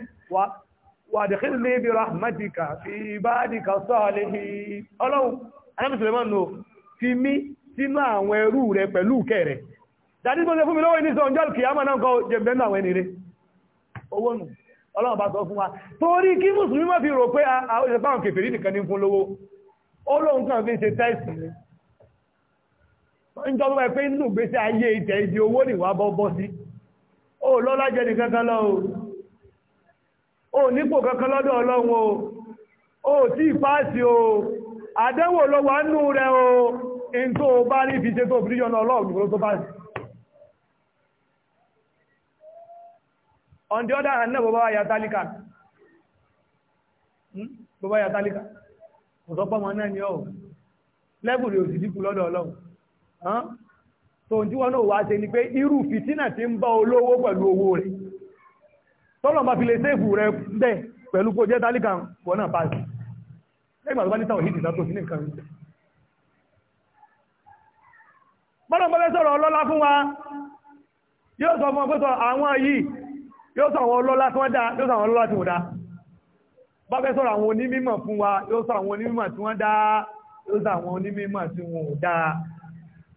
wà dìkìl ní bí rahmatika fi ibadika salihin Ọlọ́run anábì Suleiman nù fi mí sínú àwọn ẹrú rẹ̀ pẹ̀lú kẹrẹ̀ dàdí tó ṣe fún mi lọ́wọ́ ní sọ́njọ́ kìyàmà náà kọ́ jẹ̀bẹ̀ẹ́nà àwọn ẹni rẹ̀ owó nù Ọlọ́run bá sọ fún wa torí kí mùsùlùmí má fi rò pé àwọn ìṣẹ̀fà àwọn kèfèrí nìkan ní fún lówó ó lóun fi ṣe tẹ́sì ni nítorí wọ́n gbèsè ayé owó nìwà bọ́ sí o lọ́lá jẹ́ ní kankan lọ o nípò kankan lọ́dọ̀ ọlọ́run o O tí ìpáàsì o àdẹ́wò ló wà nú rẹ o in tó bá rí fi ṣe tó fìdíjọ́nà ọlọ́run on náà bọ́bá kò sọ pọ́mọ náà ni ọ́ lẹ́bùrì òsì dínkù lọ́dọ̀ ọlọ́run tòun tí wọ́n náà wá ṣe ni pé irú fìtínà ti ń bá olówó pẹ̀lú owó rẹ̀ tọ́lọ̀ bá fi lè séèfù rẹ̀ bẹ́ pẹ̀lú kó jẹ́ tálíkà wọ́n náà pàṣẹ lẹ́gbàá tó bá ní táwọn ìdí ìdátò sí nìkan rẹ̀ bọ́dọ̀ bọ́dọ̀ sọ̀rọ̀ ọlọ́lá fún wa yóò sọ fún ọgbẹ́sọ̀ àwọn yìí yóò sọ àwọn ọlọ́lá tí wọ́n dá yóò sọ àwọn ọlọ́lá tí wọ́n dá bá fẹ́ sọ̀rọ̀ àwọn onímọ̀ fún wa yóò sọ àwọn onímọ̀ tí wọ́n dáa yóò sọ àwọn onímọ̀ tí wọ́n ò dáa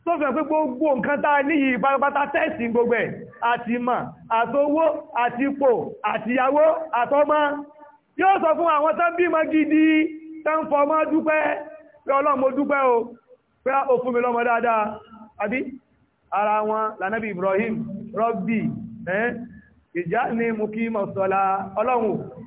tó fẹ́ pé gbogbo nǹkan tá a níyì pátápátá tẹ́sì gbogbo ẹ̀ àti mọ̀ àtowó àti ipò àtìyàwó àtọmọ yóò sọ fún àwọn tán bímọ gidi tán fọmọ dúpẹ́ pé ọlọ́run mo dúpẹ́ o pé ó fún mi lọ́mọ dáadáa àbí ara wọn lànàbí Ibrahim rọ́bì ìjà ni mo kí mọ̀ sọ́la ọlọ́run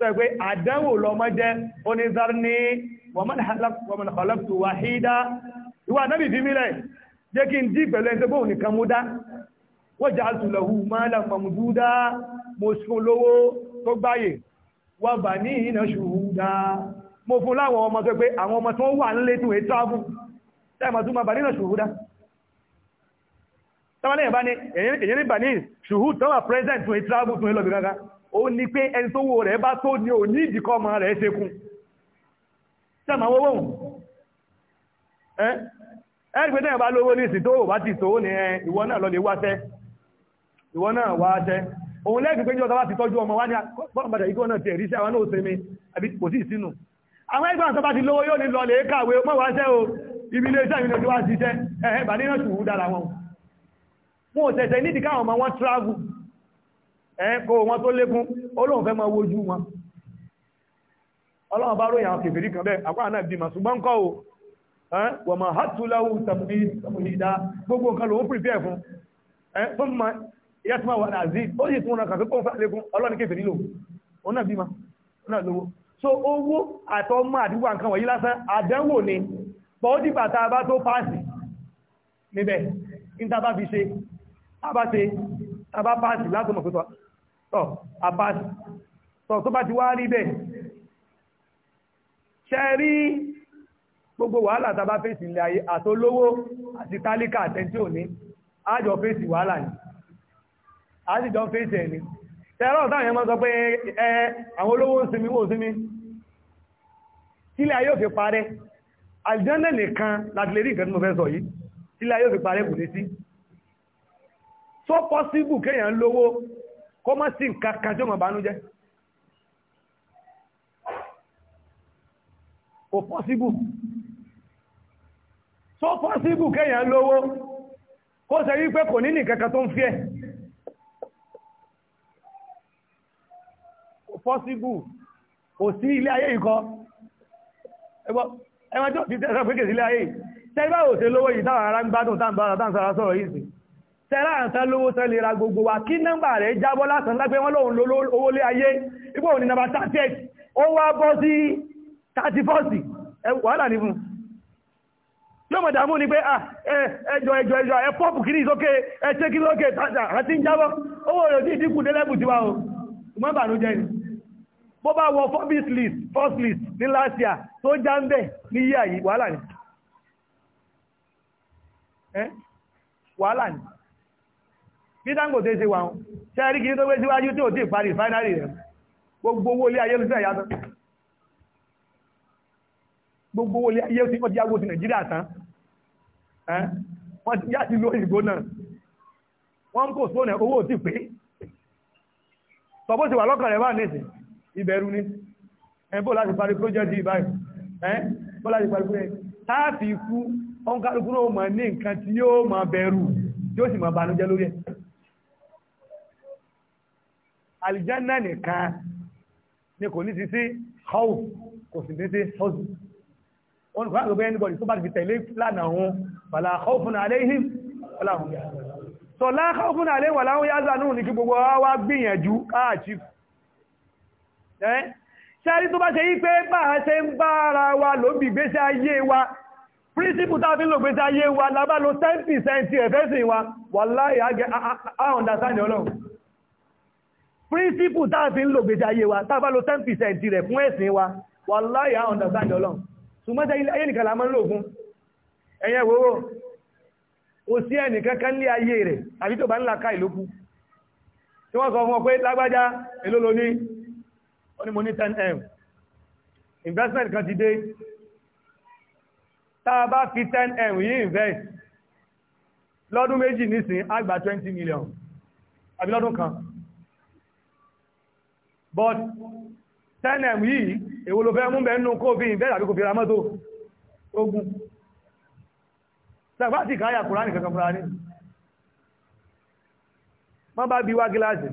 sọ pé àdánwò lọ́mọ jẹ́ oníṣàr ní wọ́n kọ̀lọ́pù wàhídá ìwà náàbì fi mílẹ̀ jẹ́ kí n dí pẹ̀lú ẹni tó bóun nìkan mú dá wọ́n jẹ́ àtùlọ̀hù mọ́lá mọ̀mùdúdá mo sún lówó tó gbáyè wà bà ní ìhìnà ṣùhúdá mo fún láwọn ọmọ tó pé àwọn ọmọ tó wà ń létò ètò ààbù tẹ́mọ̀ tó ma bà nínà ṣùhúdá tọ́wọ́n lẹ́yìn bá ní èyí ní bà ní ṣùhúdá wà present to a travel to a lọ́bì ó ní pé ẹni tó wo rẹ̀ bá tó ní ò ní ìdíkọ́ ọmọ rẹ̀ ṣekún sẹ́mà owó wọn ẹ́ ẹ́ pé tẹ́yìn bá lówó ní ìsìn tó bá ti tó ní ìwọ náà lọ lè wáṣẹ́ ìwọ náà wáṣẹ́ òun lẹ́gbẹ̀ẹ́ pé jọ́ta bá ti tọ́jú ọmọ wá ní bọ́ọ̀bàdà ìgbọ́n náà ti ẹ̀rí sí àwọn náà òsèmi àbí kò sí ìsínú àwọn ẹgbẹ́ àtọ́bá ti lówó yóò ní lọ lè kàwé mọ́ wáṣẹ́ o ibi ilé iṣẹ́ ìrìnàjò wá ṣiṣẹ́ ẹ̀ẹ́ bà nínú ṣùgbọ́n dára wọn wọn ò tẹ̀tẹ̀ nídìí káwọn ọmọ wọn travel ẹ́ kó wọn tó lékún olóhùn fẹ́ máa wojú wọn ọlọ́run bá ròyìn àwọn kèfèrí kan bẹ́ẹ̀ àpá náà bímọ ṣùgbọ́n kọ́ o wọ́n máa hàtúláwù tàbídá gbogbo nǹkan lòun prepare fún tó ma ìyá tí máa wà láàzí ó sì tún wọn kàfí kó ń fẹ́ lékún ọlọ́run kèfèrí lò ó náà bímọ ó náà lówó so owó àtọ́mọ́ àdúgbò nǹkan wọ̀nyí lásán àdánwò ni bọ́ọ̀dì bàtà bá tó páàsì níbẹ̀ níta bá fi ṣe àbá ṣe àbá páàsì látọmọ̀ pẹ́tọ́ tọ́ apáàtì tọ́ tó bá ti wá rí bẹ́ẹ̀ ṣe rí gbogbo wàhálà tàbá fèsì ilẹ̀ ayé àtolówó àti tálíkà àtẹ́ntí òní àjọ fèsì wàhálà ni àjíjọ fèsì ẹni tẹ́rọ táwọn ẹmọ́ sọ pé ẹ àwọn olówó ń sinmi wò sinmi sílẹ̀ ayé ò fi parẹ́ àjẹ́nà nìkan láti lè rí ìfẹ́ tó fẹ́ sọ yìí sílẹ̀ ayé ò fi parẹ́ kù ní kó mọ́ sí nǹkan kan tí ó mọ̀ bánújẹ́ o possible so possible kéèyàn lówó kó ṣe wípé kò ní nìkankan tó ń fi o possible kò sí ilé ayé ìkọ́ ẹwọ́n tí ó ti tẹ́sàn pé kèsí ilé ayé tẹ́gbà òṣèlówó yìí táwọn ará ń gbádùn táwọn ará sọ̀rọ̀ yìí sí tẹ́rà àǹtẹ́ lówó tẹ́ ra gbogbo wa kí nọ́mbà rẹ̀ jábọ́ lásán lápẹ́ wọ́n lóun lówó owó lé ayé ipò òní nàbà 38 ó wá bọ́ sí 34 wàhálà ní fún ni pé ẹjọ́ ẹjọ́ ẹjọ́ ẹ kiri ìsókè ẹ ṣe kiri lókè àti ń jábọ́ owó rẹ̀ sí ìdínkù délẹ́bù ti wá o ni list first list ní last year tó já ń bẹ̀ ní wàhálà ni bí Dangote ṣe wà ṣe rí kí ní tó gbé síwájú tí ò tí parí fáínárì rẹ̀ gbogbo owó ilé ayé lóṣìṣẹ́ ìyàtọ̀ gbogbo owó ilé ayé tí wọ́n ti yàgò sí Nàìjíríà tán wọ́n ti yá sí ló òyìnbó náà wọ́n kò sóònà owó ò tí pé tọ́bó ti wà lọ́kàn rẹ̀ bá nìsín ìbẹ̀rù ni ẹ̀ bó láti parí project yìí báyìí ẹ̀ bó láti parí project táàfì ikú ọ̀nkálukú náà mọ̀ ní nǹkan tí yóò máa bẹ̀rù yóò sì máa banújẹ́ lórí ẹ̀ àlìjánná nìkan ni kò ní ti sí hau kò sì ní sí hausu wọn ni kò láti gbẹ́yẹ́ níbọ̀dì tó bá ti tẹ̀lé lánà òun fàlà haufun aléhìm ọláhùn yá so la haufun aléhìm ọláhùn yá zanú ní kí gbogbo wa gbìyànjú káàkì ṣẹ́rí tó bá ṣe yí pé bá a ṣe ń bá ara wa ló bí gbésí ayé wa príncipù tàbí lò gbésí ayé wa lábá lo 10% ẹ̀fẹ́sìn wa wà láì àgbẹ̀ understand ọlọ́run príncipù táà fi ń lò gbèsè ayé wa táà bá lo 10% rẹ̀ fún ẹ̀sìn wa wà láyà understand ọlọ́run ṣùgbọ́n tẹ́ ayé nìkan la máa ń lò fún ẹ̀yẹ wòwò o sí ẹnìkan kan lé ayé rẹ̀ àbí tó bá ń la ká ìlókù tí wọ́n sọ fún ọ pé lágbájá èló lo ó ní mo ní 10m investment kan ti dé táà bá fi 10m yìí invest lọ́dún méjì nísìn àgbà 20 million àbí lọ́dún kan but 10m yìí èwo ló fẹ́ mú bẹ̀ nínú kó fi ìbẹ́ tàbí kò fi ra mọ́tò ogun sàgbà tí káyà kùránì kankan fúnra ní wọ́n bá bí wá gíláàsì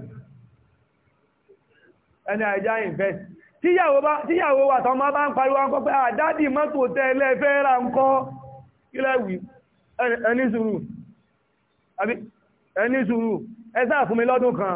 ẹni àìjá invest tíyàwó wà tán máa bá ń pariwo ọkọ̀ pé àdádì mọ́tò tẹ́lẹ̀ fẹ́ ra ń kọ́ kílẹ̀wì ẹni sùúrù ẹni sùúrù ẹ sáà fún mi lọ́dún kan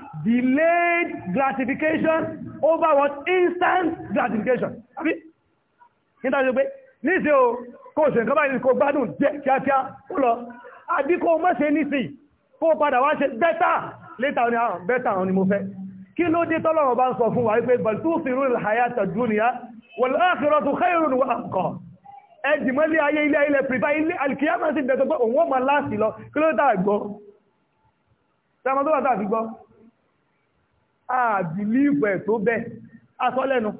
delayed gratification over what instant gratification àbí nítorí pé níṣẹ́ o kò ṣe nǹkan báyìí kò gbádùn jẹ́ kíákíá ó lọ àbí kò mọ́ ṣe níṣì kó padà wá ṣe bẹ́tà létà ní àwọn bẹ́tà àwọn ni mo fẹ́ kí ló dé tọ́lọ́run bá ń sọ fún wa wípé bẹ̀tú fìrú ìhàyàtà dúnìyà wal akhiratu khayrun wa abqa ẹjìmọ́lé ayé ilé ilé pìrìfà ilé alkiyama sí ìdẹ̀tọ́gbọ́ òun wọ́n ma láti lọ kí ló dá gbọ́ àbìlíìfù ẹ̀ tó bẹ́ẹ̀ asọ́lẹ́nu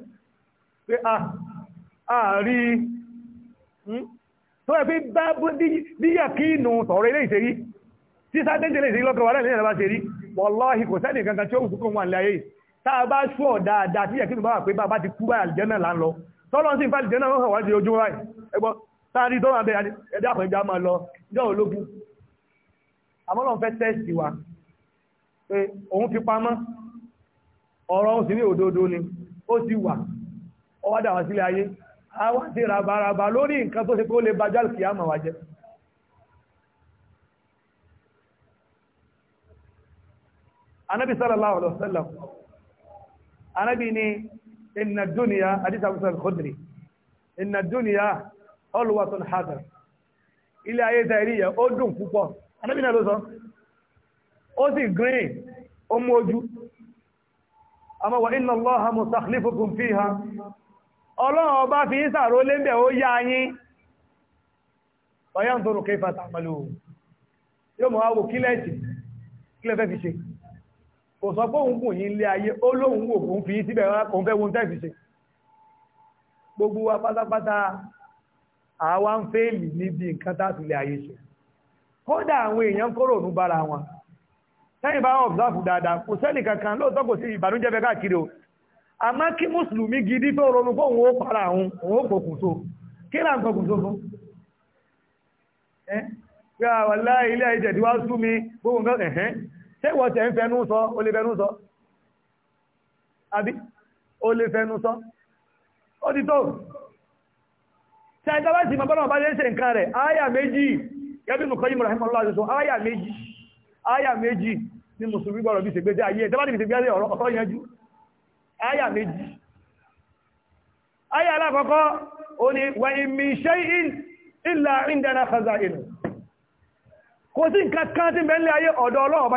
pé ààrí hmm? tó ẹ̀ fi bá díyà kí inú tọ̀rọ ilé ìṣẹ́rí tí sátéjì lè ṣe lọ́kọ̀ wà lẹ́yìn ẹ̀rọ ṣe rí wọ́lọ́hì kò sẹ́nì kankan tí ó wùsùn fún wọn lè ayé tá a bá ṣọ́ dáadáa tí yàkínú bá wà pé bá ti kú bá àlìjẹ́nà là ń lọ tọ́lọ́ sí ìfàlìjẹ́nà wọ́n hàn wá sí ojú wáyé ẹgbọ́ sáárí tó wà bẹ́ẹ̀ ẹ̀dá àpẹjá máa lọ jọ ológun àmọ́lọ́n fẹ́ tẹ́sì wa pé òun fi pamọ́ ọ̀rọ̀ òsì ní òdodo ni ó ti wà ọwádà wá sílé ayé a wá sí rabaraba lórí nǹkan tó ṣe pé ó lè bajal kì á mà wá jẹ anábi sallallahu alaihi wasallam anábi ni inna duniya hadith abu sa'id khudri inna duniya hulwatun hadar ilé ayé tẹ̀rí yẹ ó dùn púpọ̀ anábi náà ló sọ ó sì green ó mú ojú àmọ́ wà inna Allaha mustakhlifukum fiha ọlọ́run ọba fi ń sàró lẹ́bẹ̀ ó yá yín bayan zoro kaifa ta'malu yóò mọ̀ wáwò kílẹ̀ ẹ̀sì kílẹ̀ fẹ́ fi ṣe kò sọ pé òun gùn yí ilé ayé ó lóhun wò kò ń fi síbẹ̀ òun fẹ́ wọn tẹ́ ṣe gbogbo wa pátápátá àwa ń fẹ́ẹ̀lì níbi nǹkan tátìlẹ̀ ayé ṣe kódà àwọn èèyàn kóró bára wọn lẹ́yìn bá ọ̀bùsáfù dáadáa kò kankan lóòótọ́ kò sí ìbànújẹ́ bẹ káàkiri o àmọ́ kí mùsùlùmí gidi tó ronú pé ó para òun òun ó pokùnso kí là ń fún ẹ́ pé àwọn ah, ilé wá sú mi gbogbo nǹkan ẹ̀hẹ́ ṣé ìwọ̀n tẹ̀ ń fẹnu sọ o lè fẹnu sọ àbí lè fẹnu sọ ó ti tó ṣe ní mùsùlùmí gbọ́rọ̀ bí ṣègbéjẹ́ ayé ẹ̀tẹ́ bá ti ṣègbéjẹ́ ayé ọ̀rọ̀ ọ̀tọ́ yanjú ayà méjì ayà alákọ̀ọ́kọ́ o ni wà ìmì iṣẹ́ ìlà ìndẹ̀nà kàzà ìlú kò sí nǹkan kan tí bẹ́ẹ̀lẹ̀ ayé ọ̀dọ̀ ọlọ́ọ̀bá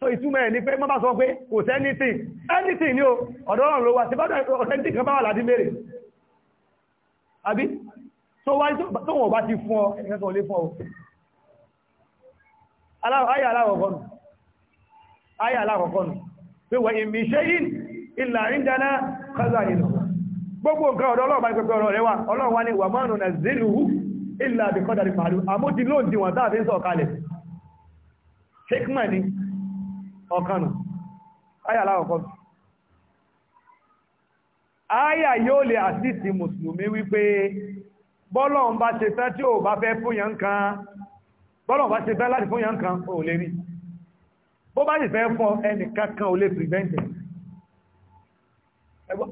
so ìtumọ̀ ẹ̀ ní pé mọ́bá sọ anything anything ni o ọ̀dọ̀ ọlọ́run ló tó wọ́n bá ti fún ọ ẹ̀kẹ́kọ̀ olé fún ọ ayà aláwọ̀kọ́nù ayà aláwọ̀kọ́nù pé wọ ìmì ṣe yìí ìlà ìdáná kọ́zà nínú gbogbo nǹkan ọ̀dọ̀ ọlọ́ọ̀bá ìpẹ́pẹ́ ọ̀rọ̀ rẹ̀ wà ọlọ́wà ní wàmánù na ziluhu ìlà àbíkọ́dà ní pàálù àmójì ló ń di wọ̀n tàbí sọ kalẹ̀ hikma ni ọ̀kanù ayà aláwọ̀kọ́nù ayà yóò lè àsìsì mùsùlùmí wípé bọ́lọ̀ ń bá ṣe fẹ́ tí ò bá fẹ́ fún yàn kan bọ́lọ̀ bá ṣe fẹ́ láti fún yàn kan ò lè rí bó bá sì fẹ́ fún ẹnì kankan ò lè prevente ẹgbọ́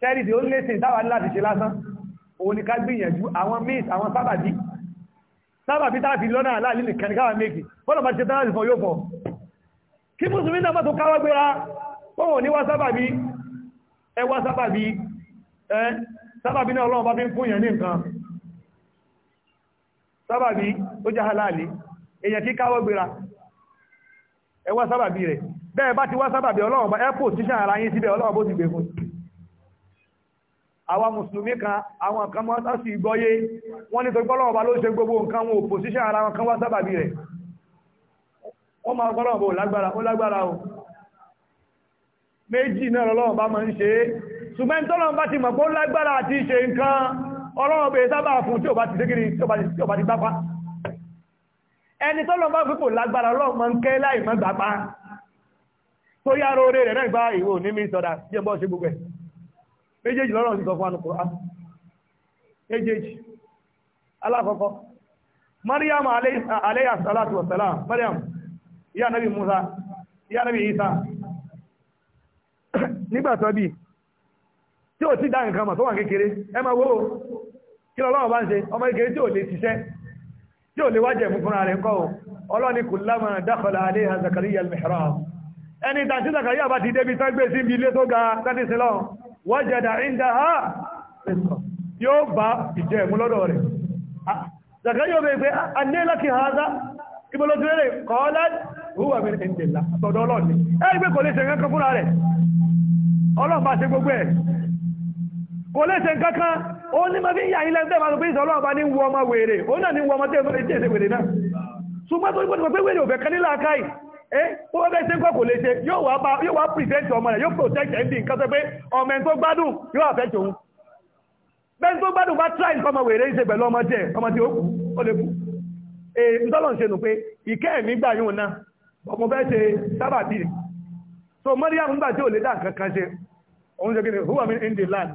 tẹ́rì tí ó lè sìn táwà láti ṣe lásán òun ni ká gbìyànjú àwọn miss àwọn sábàbí sábàbí táàfi lọ́nà aláàlì nìkan ní káwà méjì bọ́lọ̀ bá ṣe fẹ́ láti fún yóò fún kí mùsùlùmí náà mọ́tò káwọ́ gbéra pọ́wọ́ ní wá sábàbí ẹ sábàbí ẹ sábàbí náà ọlọ́run bá fi ń fún èèyàn ní nǹkan sábàbí ó jẹ́ halali èèyàn kí káwọ́ gbéra ẹ wá sábàbí rẹ̀ bẹ́ẹ̀ bá ti wá sábàbí ọlọ́run bá ẹ́pò tíṣà ara yín síbẹ̀ ọlọ́run bó ti gbé fún àwa mùsùlùmí kan àwọn kan mọ́ sásì gbọ́yé wọ́n ní torí pọ́lọ́wọ́ bá ló ṣe gbogbo nǹkan wọn òpò síṣẹ́ ara wọn kan wá sábàbí rẹ̀ wọ́n máa pọ́lọ́wọ́ bó lágbára ó lágbára o méjì náà lọ́lọ́wọ́ bá máa ń ṣe ṣùgbọ́n tọ́lọ́n bá ti mọ̀ pé ó lágbára àti ṣe nǹkan ọlọ́run bèèrè sábà fún tí ó bá ti dégírí tí ó bá ti gbápá ẹni tọ́lọ́n bá fípò lágbára ọlọ́run mọ́ ń kẹ́ láì mọ́ gbápá tó yára oore ah, fún anukọ̀ á méjèèjì alákọ̀ọ́kọ́ Maryam alayhi salatu wa Maryam ìyá nabi Musa ìyá nabi Isa nígbà tó bíi tí ò tí dá nǹkan mọ̀ tó wà kékeré ẹ máa wó kí lọ́wọ́ bá ń ṣe ọmọ kékeré tí ò lè ṣiṣẹ́ tí ò lè wájẹ̀ mú fúnra rẹ̀ kọ́ ọlọ́ni kullama dakhala alayha Zakariya al-mihrab ẹni tàbí Zakariya bá ti débi tán gbé sí ibi ilé tó ga tàbí sílọ wajada ah, ah, kò lè ṣe nǹkan ọlọ́pàá ṣe gbogbo ẹ̀ kò lè ṣe kankan ó ní ma fi ń yà ilẹ̀ ń tẹ́bà pé ìsọ̀lọ́ ọba ní wọ ọmọ wèrè ó náà ní wọ ọmọ tẹ́bà tí èsè wèrè náà ṣùgbọ́n tó gbọ́dọ̀ pé wèrè òfẹ́ kan káì ẹ́ ó wọ́n fẹ́ ṣe kò lè ṣe yóò wá ọmọ rẹ̀ yóò protect ẹ̀ndì nǹkan pé ọmọ gbádùn yóò àfẹ́ bẹ́ẹ̀ tó gbádùn bá try nǹkan ọmọ ee ń pé ìkẹ́ gbà yóò so mọ́ríyàmù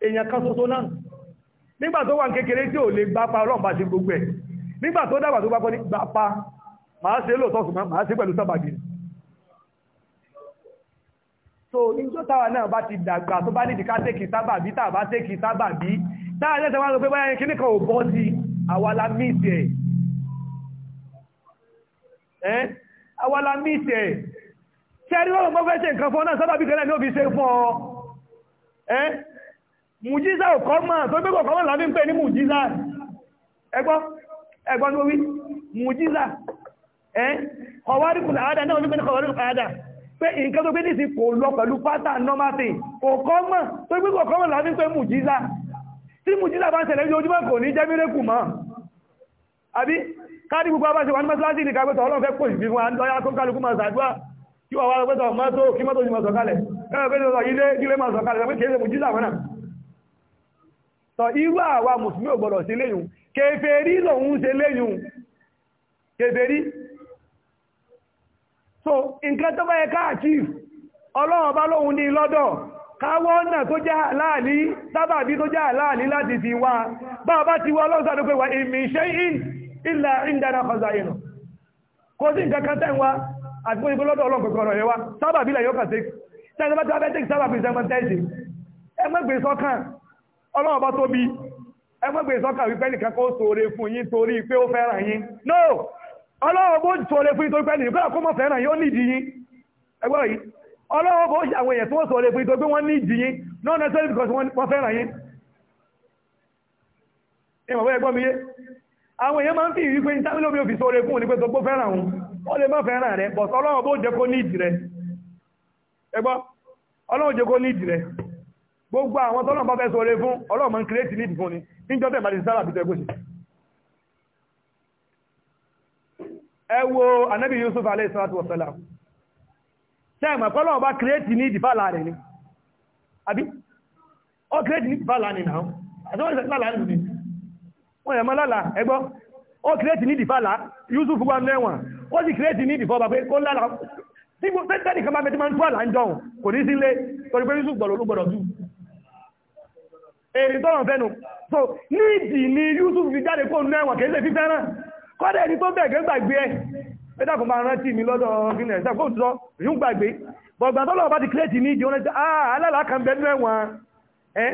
èèyàn kan ṣoṣo náà nígbà tó wà ní kékeré tí ò lè gbápa ọlọ́run bá ṣe gbogbo ẹ̀ nígbà tó dàgbà tó bá kọ́ ní gbápa màá ṣe lóòótọ́ ṣùgbọ́n màá ṣe pẹ̀lú sábàbí so níjọ́ táwa náà bá ti dàgbà tó bá nídìí ká tẹ́kì sábàbí tá bá tẹ́kì sábàbí táà lẹ́sẹ̀ wá sọ pé báyẹn kíní kan ò bọ́ sí àwa la míìsì ẹ̀ àwa la míìsì ẹ̀ ṣẹ́rí lọ́rùn mọ́fẹ́ ṣe nǹkan fún ọ náà sábàbí kan náà ni ó fi ṣe fún ọ ẹ́ mùjíza ò kọ́mọ̀ tó gbẹ́gbọ̀ kọ́mọ̀ láti ń pè ní mùjíza ẹgbọ́n tó wí mùjíza ẹ́ kọwárìkù àádá náà wípé ní kọwárìkù àádá pé nǹkan tó gbé ní sí kò lọ pẹ̀lú pátá nọ́mátì kò kọ́mọ̀ tó gbẹ́gbọ̀ kọ́mọ̀ láti ń pè mùjíza tí mùjíza bá ń ṣẹlẹ̀ ojoojúmọ́ kò ní jẹ́ mírẹ́kù mọ́ àbí káàdì gbogbo abáṣe wà ní mọ́sálásí ní kápẹ́tọ̀ ọlọ́run fẹ́ pòsì fífún àndọ́yá tó kálukú máa ṣàdúrà kí wà wá pẹ́tọ̀ mọ́tò kí mọ́tò yìí máa sọ̀kalẹ̀ kẹ́rọ̀ pẹ́tọ̀ ilé ilé máa sọ̀kalẹ̀ pé kìí ṣe sọ irú àwa mùsùlùmí ò gbọ́dọ̀ sí léyìn kèfèrí lòun ṣe léyìn kèfèrí so nǹkan tó bá yẹ ká achieve ọlọ́run bá lóhun ní lọ́dọ̀ káwọ́ ọ̀nà tó jẹ́ àláàlí sábàbí tó jẹ́ àláàlí láti fi wá bá bá ti wá ọlọ́run sàdókè wà ìmì ṣe in ilẹ̀ ìdára kọzà ìnà kó sí nǹkan ọlọ́run bá tóbi ẹ mọ́gbé ìsọ́kà wípé nìkan kó ṣoore fún yín torí pé ó fẹ́ràn yín no ọlọ́run bó ṣoore fún yín torí pé nìkan kó mọ̀ fẹ́ràn yín ó nídìí yín ẹgbọ́n yìí ọlọ́run àwọn èèyàn tó ṣoore fún yín torí pé wọ́n nídìí yín because wọ́n fẹ́ràn yín mi yé àwọn èèyàn máa ń fi ìrí pé fún òní pé gbogbo àwọn tọ́lọ̀ bá fẹ́ sọ̀rọ̀ fún ọlọ́mọ kìrẹ́tì ní ìdìbò ni níjọ́ tẹ̀ bá ti sára àbítẹ̀ gbòsì ẹ wo anábì Yusuf alayhi salatu wa salam tẹ́ ẹ̀mọ̀ pọ́lọ̀ bá kìrẹ́tì ní ìdìbà láàrin ni àbí ọ kìrẹ́tì ní ìdìbà láàrin náà àtọ́wọ́n ìsẹ̀kìlá láàrin ni wọ́n yẹ̀ mọ́ lálà ẹgbọ́ ó kìrẹ́tì ní ìdìbà lá Yusuf wà mẹ́wọ̀n ó sì kìrẹ́tì ní ìdìbà bàbá kó lálà tí gbogbo tẹ́tẹ́ nìkan bá mẹ́tí máa ń tó àlà ń jọun kò ní sílé torí pé Yusuf gbọ̀rọ̀ olúgbọ̀rọ̀ dùn èrè tọ́rọ̀ fẹ́nu so nídìí ni Yusuf fi jáde kó nú ẹ̀wọ̀n kìí ṣe fífẹ́ rán kọ́dẹ̀ ẹni tó bẹ̀gẹ́ gbàgbé ẹ pẹ́dàkùn máa rántí mi lọ́dọ̀ gínẹ̀ ṣàkó òtútọ́ yún gbàgbé bọ̀gbà tọ́lọ̀ bá ti kílẹ̀tì ní ìdí wọn lẹ́sẹ̀ ah alálàá kan bẹ́ẹ̀ nú ẹ̀wọ̀n ẹ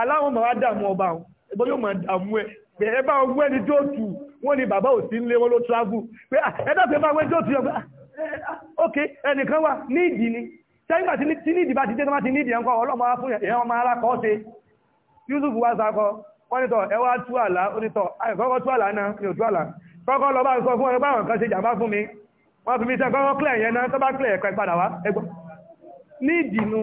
aláwọn máa dààmú ọba wọn ẹgbẹ́ yóò máa dààmú ẹ pé ẹ bá ọgbọ́n ẹni tó tù wọ́n ní bàbá ò sí nílé wọn ló travel pé ah, ẹ dàpẹ́ bá wọn tó tù ọgbà ah, ok ẹnìkan wà ní ìdí ni sẹ́yìn gbà tí ní ìdí bá ti dé tó má ti ní ìdí ẹ̀ńkọ́ ọlọ́mọ Yusuf wá sákọ kọ́nítọ̀ ẹ wá tú àlá onítọ̀ àìkọ́kọ́ tú àlá náà ní òtú àlá kọ́kọ́ lọ bá ń sọ fún ọyọ́ báwọn kan ṣe jàmbá fún mi wọ́n fi mi sẹ́ kọ́kọ́ clear yẹn náà tó bá clear ẹ̀kọ́ ìpadà wá ẹgbọ́ ní ìdìnnú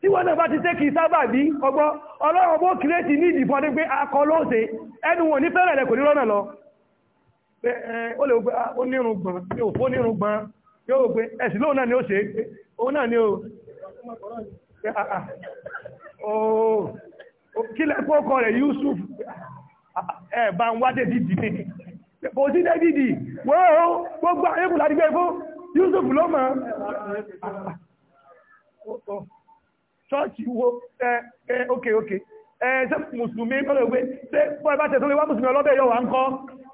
tí wọ́n náà bá ti tẹ́kì sábà bí ọgbọ́ ọlọ́run bó kìrẹ́tì ní ìdìfọ́n dé pé akọ ló ṣe ẹnu wọn ní fẹ́rẹ̀ rẹ̀ kò ní rọ́nà lọ ó lè gbé onírùngbọ̀n ah, yóò fó onírùngbọ̀n yóò gbé ẹ̀sìn lóun náà ni ó ṣe òun náà ni ó ah, ah, kílẹ̀ kókọ rẹ̀ Yusuf ẹ̀bà ń wádé dìdì ní kò sí dé dìdì wọ́n gbogbo ayékù láti gbé fún Yusuf ló mọ̀ ṣọ́ọ̀ṣì wo ẹ ok ok ẹ ṣe mùsùlùmí kọ́lọ̀ pé ṣe pọ́ ẹ bá tẹ̀ tó lè wá mùsùlùmí ọlọ́bẹ̀ yọ wà ń kọ́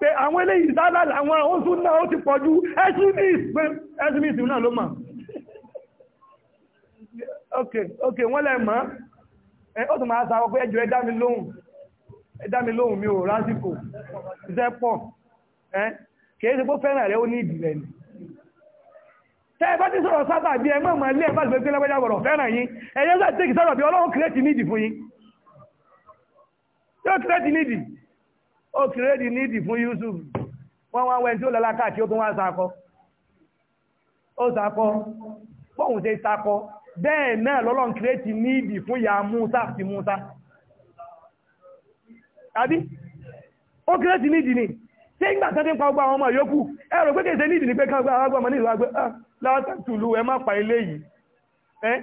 pé àwọn eléyìí sáálà àwọn oṣù náà ó ti pọ̀ ju ẹsìmìsì náà ló mọ̀ ok ok wọ́n lẹ̀ mọ́ ó tún máa sáwọ́ pé ẹjọ́ ẹdá mi lóhùn ẹdá mi lóhùn mi ò rásìkò iṣẹ́ pọ̀ kìí ṣe pé fẹ́ràn rẹ̀ ó ní ìdìrẹ̀ ni tẹ́ ẹ bá ti sọ̀rọ̀ sábà bí ẹ mọ̀ mọ̀ ilé ẹ bá ti gbé lọ́wọ́dá wọ̀rọ̀ fẹ́ràn yín ẹ̀yẹ́ sọ àti sọ̀rọ̀ bí ọlọ́run kìrẹ́tì nídìí fún yín yóò kìrẹ́tì nídìí ó kìrẹ́tì nídìí fún Yusuf wọ́n wá wẹ́n tí ó lọ́lá káàkiri ó tún wá sakọ ó sakọ bóun bẹ́ẹ̀ náà lọ́lọ́n kìrẹ́tì ní ìdì fún ya Musa ti Musa àbí ó kìrẹ́tì ní ìdì ni tí ìgbà tẹ́tí ń pa ọgbà àwọn ọmọ yòókù ẹ̀rọ pé kèsè ní ìdì ní pé káàgbà àwọn ọmọ nílùú agbẹ́ ah, látàtùlù ẹ má pa ilé yìí ẹ́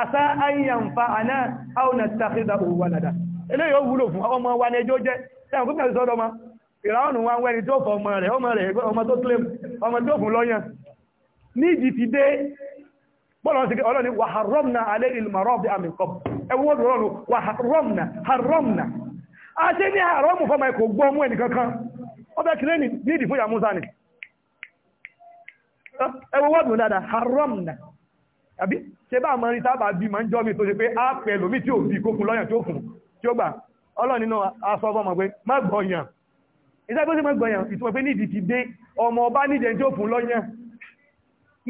àṣà àyànfà àná àwọn àtàkìdà òwú àdàdà eléyìí ó wúlò fún ọmọ wa ní ẹjọ́ jẹ́ ẹ̀rọ pé kèsè sọ́dọ̀ ọmọ ìràwọ̀nù wa ń wẹ́ni tó fọ ọmọ rẹ̀ ọmọ rẹ̀ ọmọ tó tún ọmọ tó fún lọ́yàn nídìí ti dé ọlọ́ni wà haramna alẹ́ ilmarọ́ bí àmì kọ́ ẹwọ́n rọrùn wà haramna haramna a ṣe ní haramu fọ́mà ẹkọ̀ gbọ́ mú ẹni kankan ọbẹ̀ kìí ní ìdí fún yàmúsá ni ẹwọ́n wọ́dùn dáadáa haramna àbí ṣe bá mọ́ rí sábà bí ma ń jọ́ mi tó ṣe pé á pẹ̀ lómi tí ò bí kókun lọ́yàn tí ó fún tí ó gbà ọlọ́ni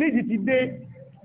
náà ti dé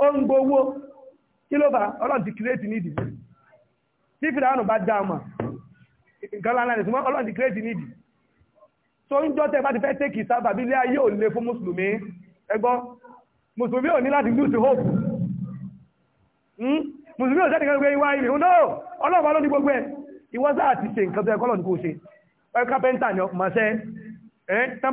ó ń gbowó kí ló bá ọlọ́run ti kírètì nídìí tí fìdáhùn bá dá ọmọ nǹkan lánàá nìsí ọlọ́run ti kírètì tó ń jọ́ tẹ́ ti fẹ́ tẹ́kì sábà bí ilé ayé lè fún mùsùlùmí ẹgbọ́n mùsùlùmí ò ní láti lose hope hmm? mùsùlùmí ò sẹ́ni kan gbé ọ̀nà oh ọlọ́pàá gbogbo ẹ̀ ìwọ́sà àti ṣe nǹkan tó ẹkọ́ lọ́nà kó ṣe kápẹ́ntà ni ọmọ ẹ̀ tán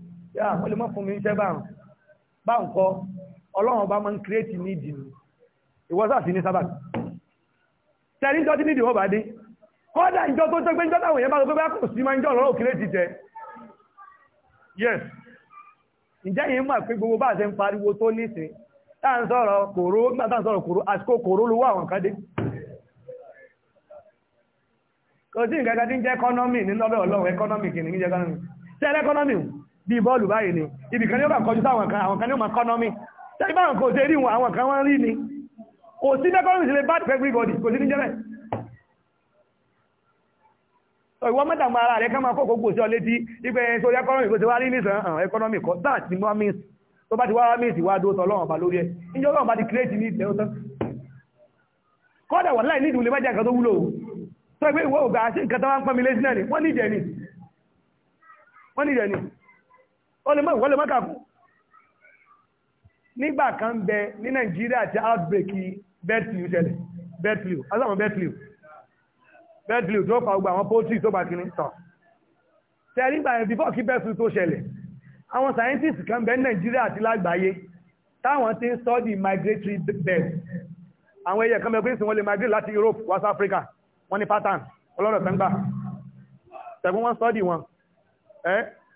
yá wọ́n lè mọ́ fún mi iṣẹ́ báwọn báwọn kọ́ ọlọ́run ọba máa ń kírètì ní ìdì ni ìwọ sáà sí ní sábà tẹ̀lé ìjọ tí nídìí wọ́n bá dé kọ́dà ìjọ tó tó gbé ìjọ táwọn èèyàn bá lọ pé bá kò sí máa ń jọ ọlọ́run kírètì tẹ yes ǹjẹ́ yìí mọ̀ pé gbogbo bá àṣẹ ń pariwo tó nísìn táà ń sọ̀rọ̀ kòró nígbà táà ń sọ̀rọ̀ kòró àsìkò kòró ló wà àwọn kan dé kò sí nǹkan kan tí ń jẹ́ ẹkọ́nọ́mì ní bí bọ́ọ̀lù báyìí ni ibì kan ní ó bá kọjú sáwọn kan àwọn kan ní ó máa kọ́nọ́mì tẹ́lẹ̀ báwọn kò ṣe rí wọn àwọn kan wọ́n rí ni kò sí mẹ́kọ́nọ́mì sí lè everybody kò sí ní jẹ́rẹ̀ ìwọ mẹ́tàgbà ara rẹ̀ ká máa kókò gbòsí ọ létí ipẹ́ ẹ̀ṣọ́ ẹkọ́nọ́mì kò ti wá kọ́ ó lè mọ́ ìwọ́lẹ̀ mọ́kà fún nígbà kan bẹ ní Nàìjíríà ti outbreak bird flu ṣẹlẹ̀ bird flu aláwọn bird flu bird flu tó fa gbogbo àwọn poultry tó bá kiri tọ̀ tẹ̀lé ìgbà yẹn before kí bird flu tó ṣẹlẹ̀ àwọn scientists kan bẹ Nigeria Nàìjíríà àti lágbàáyé táwọn ti ń study migratory birds àwọn ẹyẹ kan bẹ pé sí wọn migrate láti Europe west Africa wọ́n ní pattern ọlọ́rọ̀ sẹ́ngbà tẹ̀gbọ́n wọ́n study wọn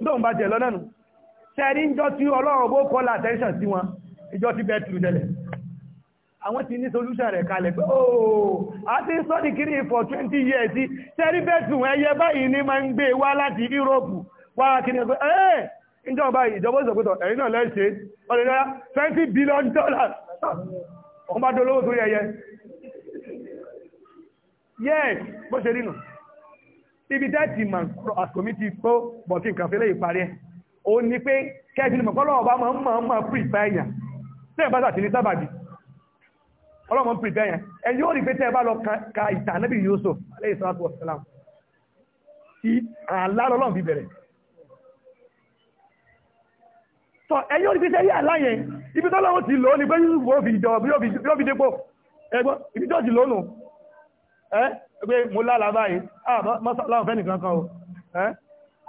dóun bá jẹ lọ́nà nù ṣẹ́rí ń jọ tí bó kọ́ la attention sí wọn ìjọ ti bẹ́ẹ̀ tù ti ní solution rẹ̀ kalẹ̀ ooo oh, a ti sọ kiri for twenty years ṣẹ́rí bẹ́ẹ̀ tù ẹyẹ báyìí ní máa ń gbé wá láti Europe wá kiri eh, pé ẹ́ẹ̀ ìjọba ìjọba ìsọ̀kútọ̀ ẹ̀yìn náà 20 billion dollars ọmọdé olówó tó yes bó ṣe rí ibi dẹ́ẹ̀tì mà àsìkòmí ti tó bọ̀tí nǹkan fẹ́lẹ́ ìparí ẹ̀ ó ní pé kẹ́ẹ̀kì mọ̀ kọ́lọ́wọ́ bá máa ń máa ń máa pìrìpá èèyàn tẹ́ ẹ̀ bá sàtì ní sábàbí ọlọ́mọ pìrìpá èèyàn ẹ̀ yóò rí pé tẹ́ ẹ bá lọ ka ìtàn Ànábì Yusuf alayhi salatu wassalam ti àlá lọ́lọ́run fi bẹ̀rẹ̀ sọ ẹ yóò rí pé tẹ́ ẹ àlá yẹn ibi tọ́lọ́run ti lò ó ní pé fi dépò ẹgbọ́n ibi tọ́jú lónìí pé mo lálàá báyìí ah, mọ́sálàmù fẹ́ nìkan kan o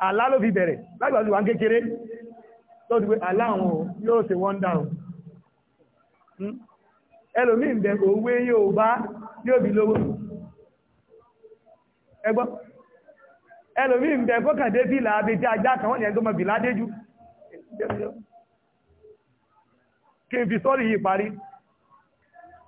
àlá ló fi bẹ̀rẹ̀ lágbàdo wà ń kékeré tó ti pé àlá àwọn o yóò ṣe wọ́ndà o hmm? ẹlòmíì bẹ̀ òwe yóò bá yóò bí lówó ẹgbọ́ ẹlòmíì bẹ̀ kọ́kàndé bí làábi tí ajá kan wọ́n ní ẹgbẹ́ mọ̀ ládéjú kí n fi sọ́ọ̀rì yìí parí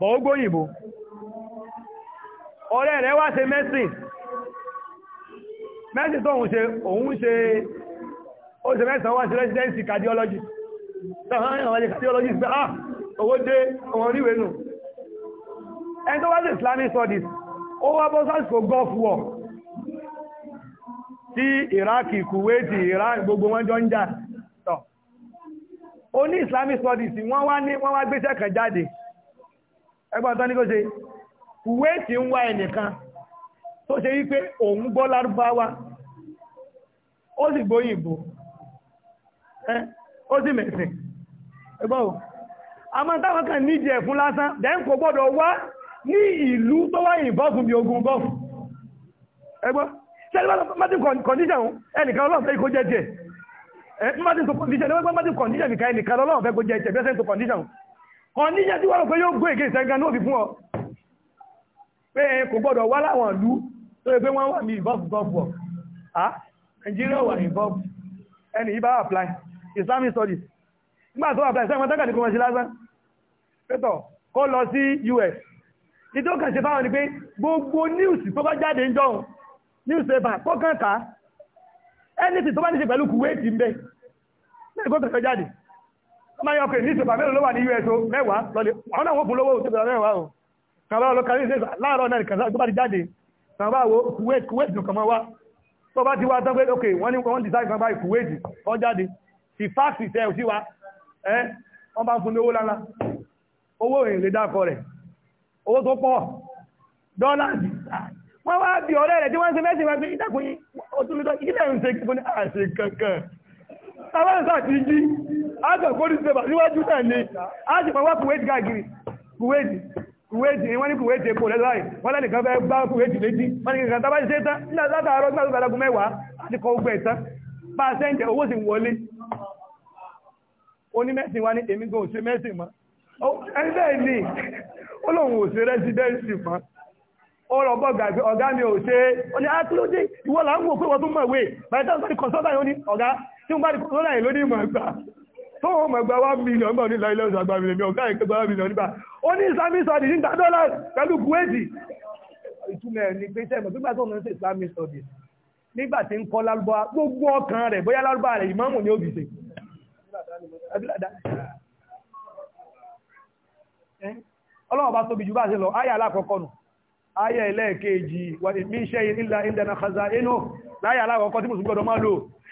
bọ̀ ó gbóyìnbó ọ̀rẹ́ rẹ̀ wá ṣe mẹ́sìn mẹ́sìn tó òun ṣe ó ṣe mẹ́sìn wá ṣe residency cardiology ah, owó dé ọmọ oníwé nù ẹni tó wá ṣe Islamic studies ó wá bọ́ sásìkò gulf war tí Iraq Kuwait Iran gbogbo wọn jọ ń jà tọ̀ ó ní Islamic studies wọ́n wá wọ́n wá gbéṣẹ́ kan jáde ẹgbọ́n tán ní kó ṣe Kuwait ń wá ẹnìkan tó ṣe wípé òun gbọ́ lárúbáwá ó sì gbóyìnbó ó sì mẹ̀sìn ẹgbọ́n o àmọ́ táwọn kan níjẹ̀ fún lásán dẹ́n kò gbọ́dọ̀ wá ní ìlú tó wá ìbọ́fún bí ogun gọ́ọ̀fù ẹgbọ́n ọ̀níṣẹ́ tí wọ́n rò pé yóò gbé èké ìṣẹ́gan ní òfin fún ọ pé kò gbọ́dọ̀ wá láwọn ìlú tó yẹ pé wọ́n wà ní involve gulf war ah Nigeria wà involve ẹni yìí bá apply Islamic studies nígbà tó apply sẹ́wọ̀n tẹ́kàdé kò wọ́n ṣe lásán pétọ̀ kó lọ sí US ní tó kàn ṣe fáwọn ni pé gbogbo news tó bá jáde ń jọun newspaper kó kàn ká anything tó bá ní ṣe pẹ̀lú Kuwait ń bẹ lẹ́ẹ̀kọ́ kàn jáde máa yọ pé ní ìṣèpà mélòó ló wà ní us o mẹ́wàá lọ́lẹ̀ àwọn náà wọ́n fún lówó òṣèpà mẹ́wàá o kàbá ọlọ́kàrí ìṣẹ́ láàárọ̀ náà kàzá tó bá ti jáde kàbá wo kuwait kuwait nìkan mọ́ wá tó bá ti wá tán pé ok wọ́n ní wọ́n design kan báyìí kuwait kọ́ jáde ti fáàsì tẹ́ ò sí wa ẹ́ wọ́n bá ń wá bí ọ̀rẹ́ rẹ̀ tí wọ́n ń ṣe mẹ́sìn wá pé ìtàkùn yìí ó tún lè tọ́ ìdílé ń ṣe kankan tàbáǹsà ti jí ágbà police paper níwájú náà ni a ti pàwọ́ kuwait gàgìrì kuwait kuwait ni wọ́n ní kuwait epo lẹ́láì wọ́n lẹ́nì kan fẹ́ gbá kuwait létí wọ́n ní kankan tàbá ṣe tán látàárọ̀ nígbà tó bàlágún mẹ́wàá láti kọ ogun ẹ̀tán bá a sẹ́ǹtẹ̀ owó sì wọlé oní mẹ́sìn wa ní èmi gan òṣè mẹ́sìn mọ́ ẹni bẹ́ẹ̀ ni ó lóun ò ṣe rẹ́sídẹ́ǹsì mọ́ ọ̀rọ̀ bọ́gà pé ọ̀gá mi ò ṣe ó ní á ah, kí ló dé ìwọ là ń wò pé wọ́n tún mọ̀ wé bàtà sọ́ni consultant yóò ní ọ̀gá tí wọ́n bá dìkọ́ tó láyé lóní ìmọ̀gbà tó wọ́n mọ̀gbà wá mílíọ̀n gbọ́n ní lọ́ilẹ̀ oṣù àgbà mílíọ̀n ọ̀gá ìkẹgbà mílíọ̀n níbà ó ní islamic study ní ta dọ́là pẹ̀lú kuwaiti ìtumọ̀ ní pé sẹ́mọ̀ nígbà tó ń ṣe islamic study nígbà tí ń kọ́ lárúbá gbogbo ọkàn rẹ̀ bóyá lárúbá rẹ̀ ìmáàmù ni ó bì ṣe ọlọ́run bá tóbi jù bá ṣe lọ ayà alákọ̀ọ́kọ́ nù ayà ẹlẹ́ẹ̀kejì wà ní iṣẹ́ ilẹ̀ ìdẹ̀nà kàzà inú láyà alákọ̀ọ́kọ́ tí mùsùlùmí ọdọ máa lò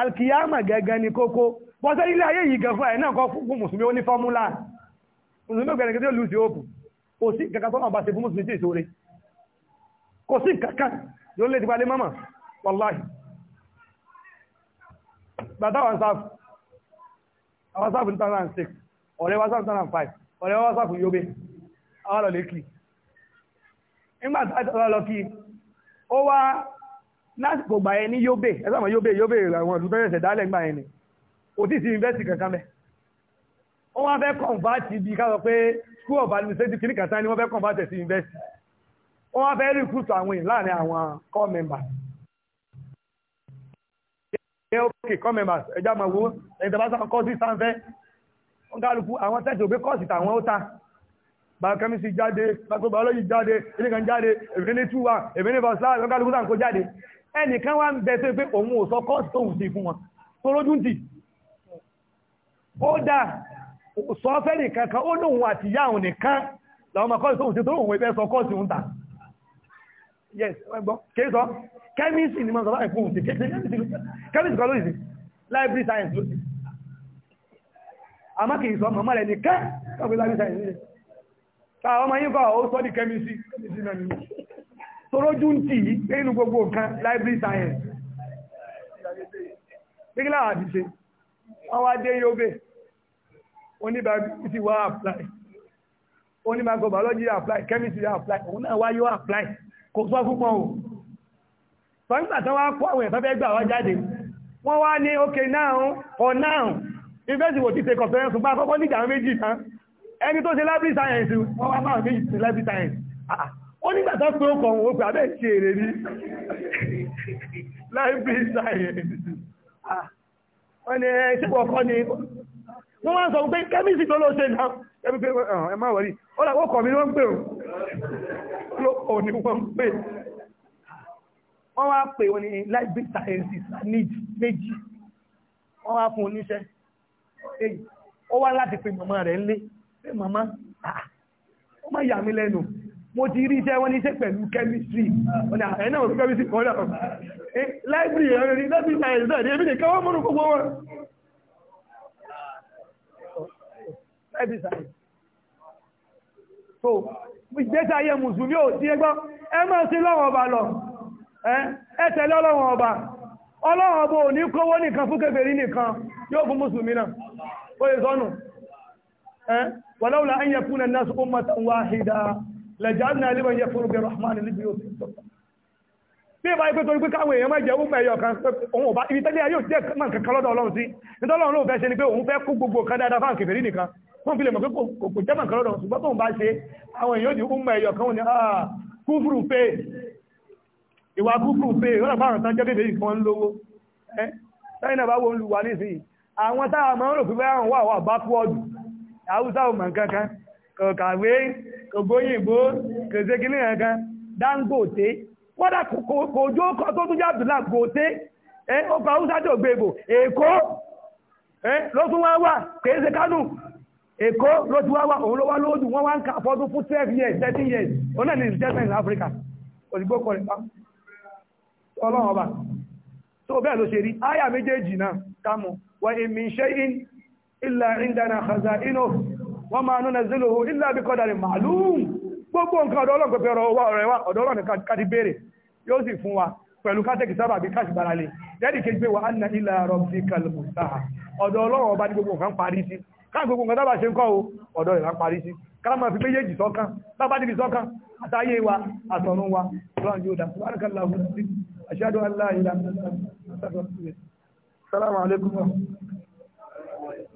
alkiyama gẹ́gẹ́ ni kókó bọ́sẹ̀ ilé ayé yìí gan fún ẹ̀ náà kọ́ fún mùsùlùmí ó ní fọ́múlà mùsùlùmí ògbẹ̀rẹ̀ kí tí ó lù sí òkú kò sí kankan tó náà bá ṣe fún mùsùlùmí tí ìṣòre kò sí kankan yóò lè ti balẹ̀ mọ́mọ́ wàláhì bàtà wọn sáfù àwọn sáfù ní tàwọn six ọ̀rẹ́ wọn sáfù tàwọn five ọ̀rẹ́ wọn sáfù yóbe àwọn lọ lè kì nígbà tí a lọ kí ó wá lásìkò gbà yẹn ní Yobe ẹ sábà Yobe Yobe àwọn ìlú bẹ̀rẹ̀ ṣẹ̀dálẹ̀ gbà yẹn ni kò tí ì sí yunifásitì kankan bẹ́ẹ̀ wọ́n wá fẹ́ kọ̀ǹfàtì bí ká sọ pé school of administrative clinic àtàn ni wọ́n fẹ́ kọ̀ǹfàtì sí yunifásitì wọ́n wá fẹ́ recruit àwọn èèyàn láàrin àwọn core members ẹ ókè core members ẹjá máa wo ẹni tàbá sáwọn kọ́ọ̀sì sáńfẹ́ wọ́n kálukú àwọn tẹ́sí òbí kọ́ọ̀sì tàwọn ó ta biochemistry jáde microbiology jáde clinical jáde èmi ní two one èmi ní versailles wọ́n kálukú sáà ń kó jáde ẹnìkan wá ń bẹ tó pé òun ò sọ kọ́ọ̀sì tóun ṣe fún wọn tó lójú ń tì ó dà sọ fẹ́ nìkan kan ó lóun àti ìyá òun nìkan làwọn ọmọ kọ́ọ̀sì tóun ṣe tó òun ìfẹ́ sọ kọ́ọ̀sì òun tà yes ẹgbọ́ kìí sọ kẹ́mísì ni mọ́sọ̀lá ìfún ti kẹ́mísì kan lóìsì library science lóìsì àmá kìí sọ mọ̀mọ́ rẹ̀ ní kẹ́ kọ́bí library science lóìsì torójú ń tì nínú gbogbo nǹkan library science nígbà àti ṣe wọ́n wá dé yóbe oníbàbí wá apply oníbàgọ́ biology apply chemistry apply òun náà wá yóò apply kò sọ púpọ̀ o fọ́nìgbà tán wá kọ́ àwọn ẹ̀fẹ́ fẹ́ gbà wá jáde wọ́n wá ní okay now for now university wò ti ṣe conference bá kọ́kọ́ nígbà méjì tán ẹni tó ṣe library science wọ́n wá bá méjì ṣe library science ah, ah ó nígbà tó pé ó kọ̀wọ̀n ó pè abẹ́ ṣe èrè ah, ní láìpé eh, sáyẹ̀ wọ́n ni ṣípò ọkọ́ ni wọ́n wá sọ pé kẹ́mísì tó ló ṣe náà ẹbí pé eh, eh, ẹ má wọ̀rí ó làwọ́ kọ̀ mi wọ́n pè ó ní wọ́n pè wọ́n wá pè wọ́n ni láìpé sciences méjì wọ́n wá fún oníṣẹ́ ó wá láti pe màmá rẹ̀ ńlé pé màmá ah, ó má yà mí lẹ́nu mo ti rí iṣẹ́ wọ́n ní iṣẹ́ pẹ̀lú chemistry ọ̀nà ẹ̀nà òfin chemistry kan náà eh, library ẹ̀rọ ní lọ́sí science náà ní ebí nìkan gbogbo wọn so ìgbésí ayé mùsùlùmí ò sí ẹgbọ́n ẹ máa sí lọ́wọ́ ọba lọ ẹ tẹ̀lé ọlọ́wọ́ ọba ọlọ́wọ́ ọba ò ní kówó nìkan fún kèfèrí nìkan yóò fún mùsùlùmí náà ó yẹ sọ́nù wọ́n lọ́wọ́ la ń yẹ fún ẹ̀ náà sọ́kùn mọ́ta wáhídáa lẹ̀jáàdínà ilé wọ́n yẹ fún obìnrin rahman níbi yóò ti sọ́tọ̀ tí ìbá ipé torí pé káwọn èèyàn má jẹ ọmọ ẹ̀yọ kan ohun ọba ibi tẹ́lẹ̀ yóò jẹ́ máa kankan lọ́dọ̀ ọlọ́run sí nítọ́lọ́run ló fẹ́ ṣe ni pé gbogbo kan dáadáa fáwọn kan lọ́dọ̀ ṣùgbọ́n bá ṣe àwọn èèyàn kò kàwé kò gbóyìnbó kò ṣe kí ní ẹ̀kan kọ́ tó tún jáde náà gòté ọkọ̀ haúsá tó gbèbò èkó ló tún wá wà kèé kánú èkó ló tún wá wà òun ló wá lóòdù wọ́n wá ń kà fọ́dún fún twelve years thirteen years òun náà ní investment in Africa òdìgbò kọrin pa ọlọ́run ọba tó bẹ́ẹ̀ ló ṣe rí áyà méjèèjì náà kámọ̀ wọ́n èmi wọ́n máa nú nàzílò hù ilẹ̀ àbíkọ́dà rẹ̀ màálùm gbogbo nǹkan ọ̀dọ́ ọlọ́run pẹ̀lú ọ̀rọ̀ rẹ̀ wá ọ̀dọ́ ọlọ́run káàdì béèrè yóò sì fún wa pẹ̀lú kátẹ́kì sábà bí káàsì gbára lé dẹ́ẹ̀dì kejì pé wà á na ilẹ̀ àrọ̀ sí kalùkù sáà ọ̀dọ́ ọlọ́run ọba ní gbogbo nǹkan parí sí káàkiri gbogbo nǹkan tábà ṣe ń kọ́ o ọ̀dọ́ rẹ̀ láń parí sí káàmà fi méjèèjì sọ́kàn tábà níbi sọ́kàn àtàyè wa àtọ̀run wa ọlọ́run yóò dá subhanakallahu ashhadu an la ilaha illa anta astaghfiruka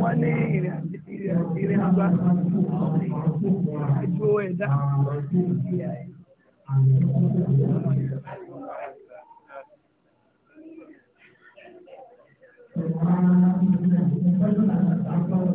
wọ́n ní ìrìn àbá àjò ẹ̀dá Thank you.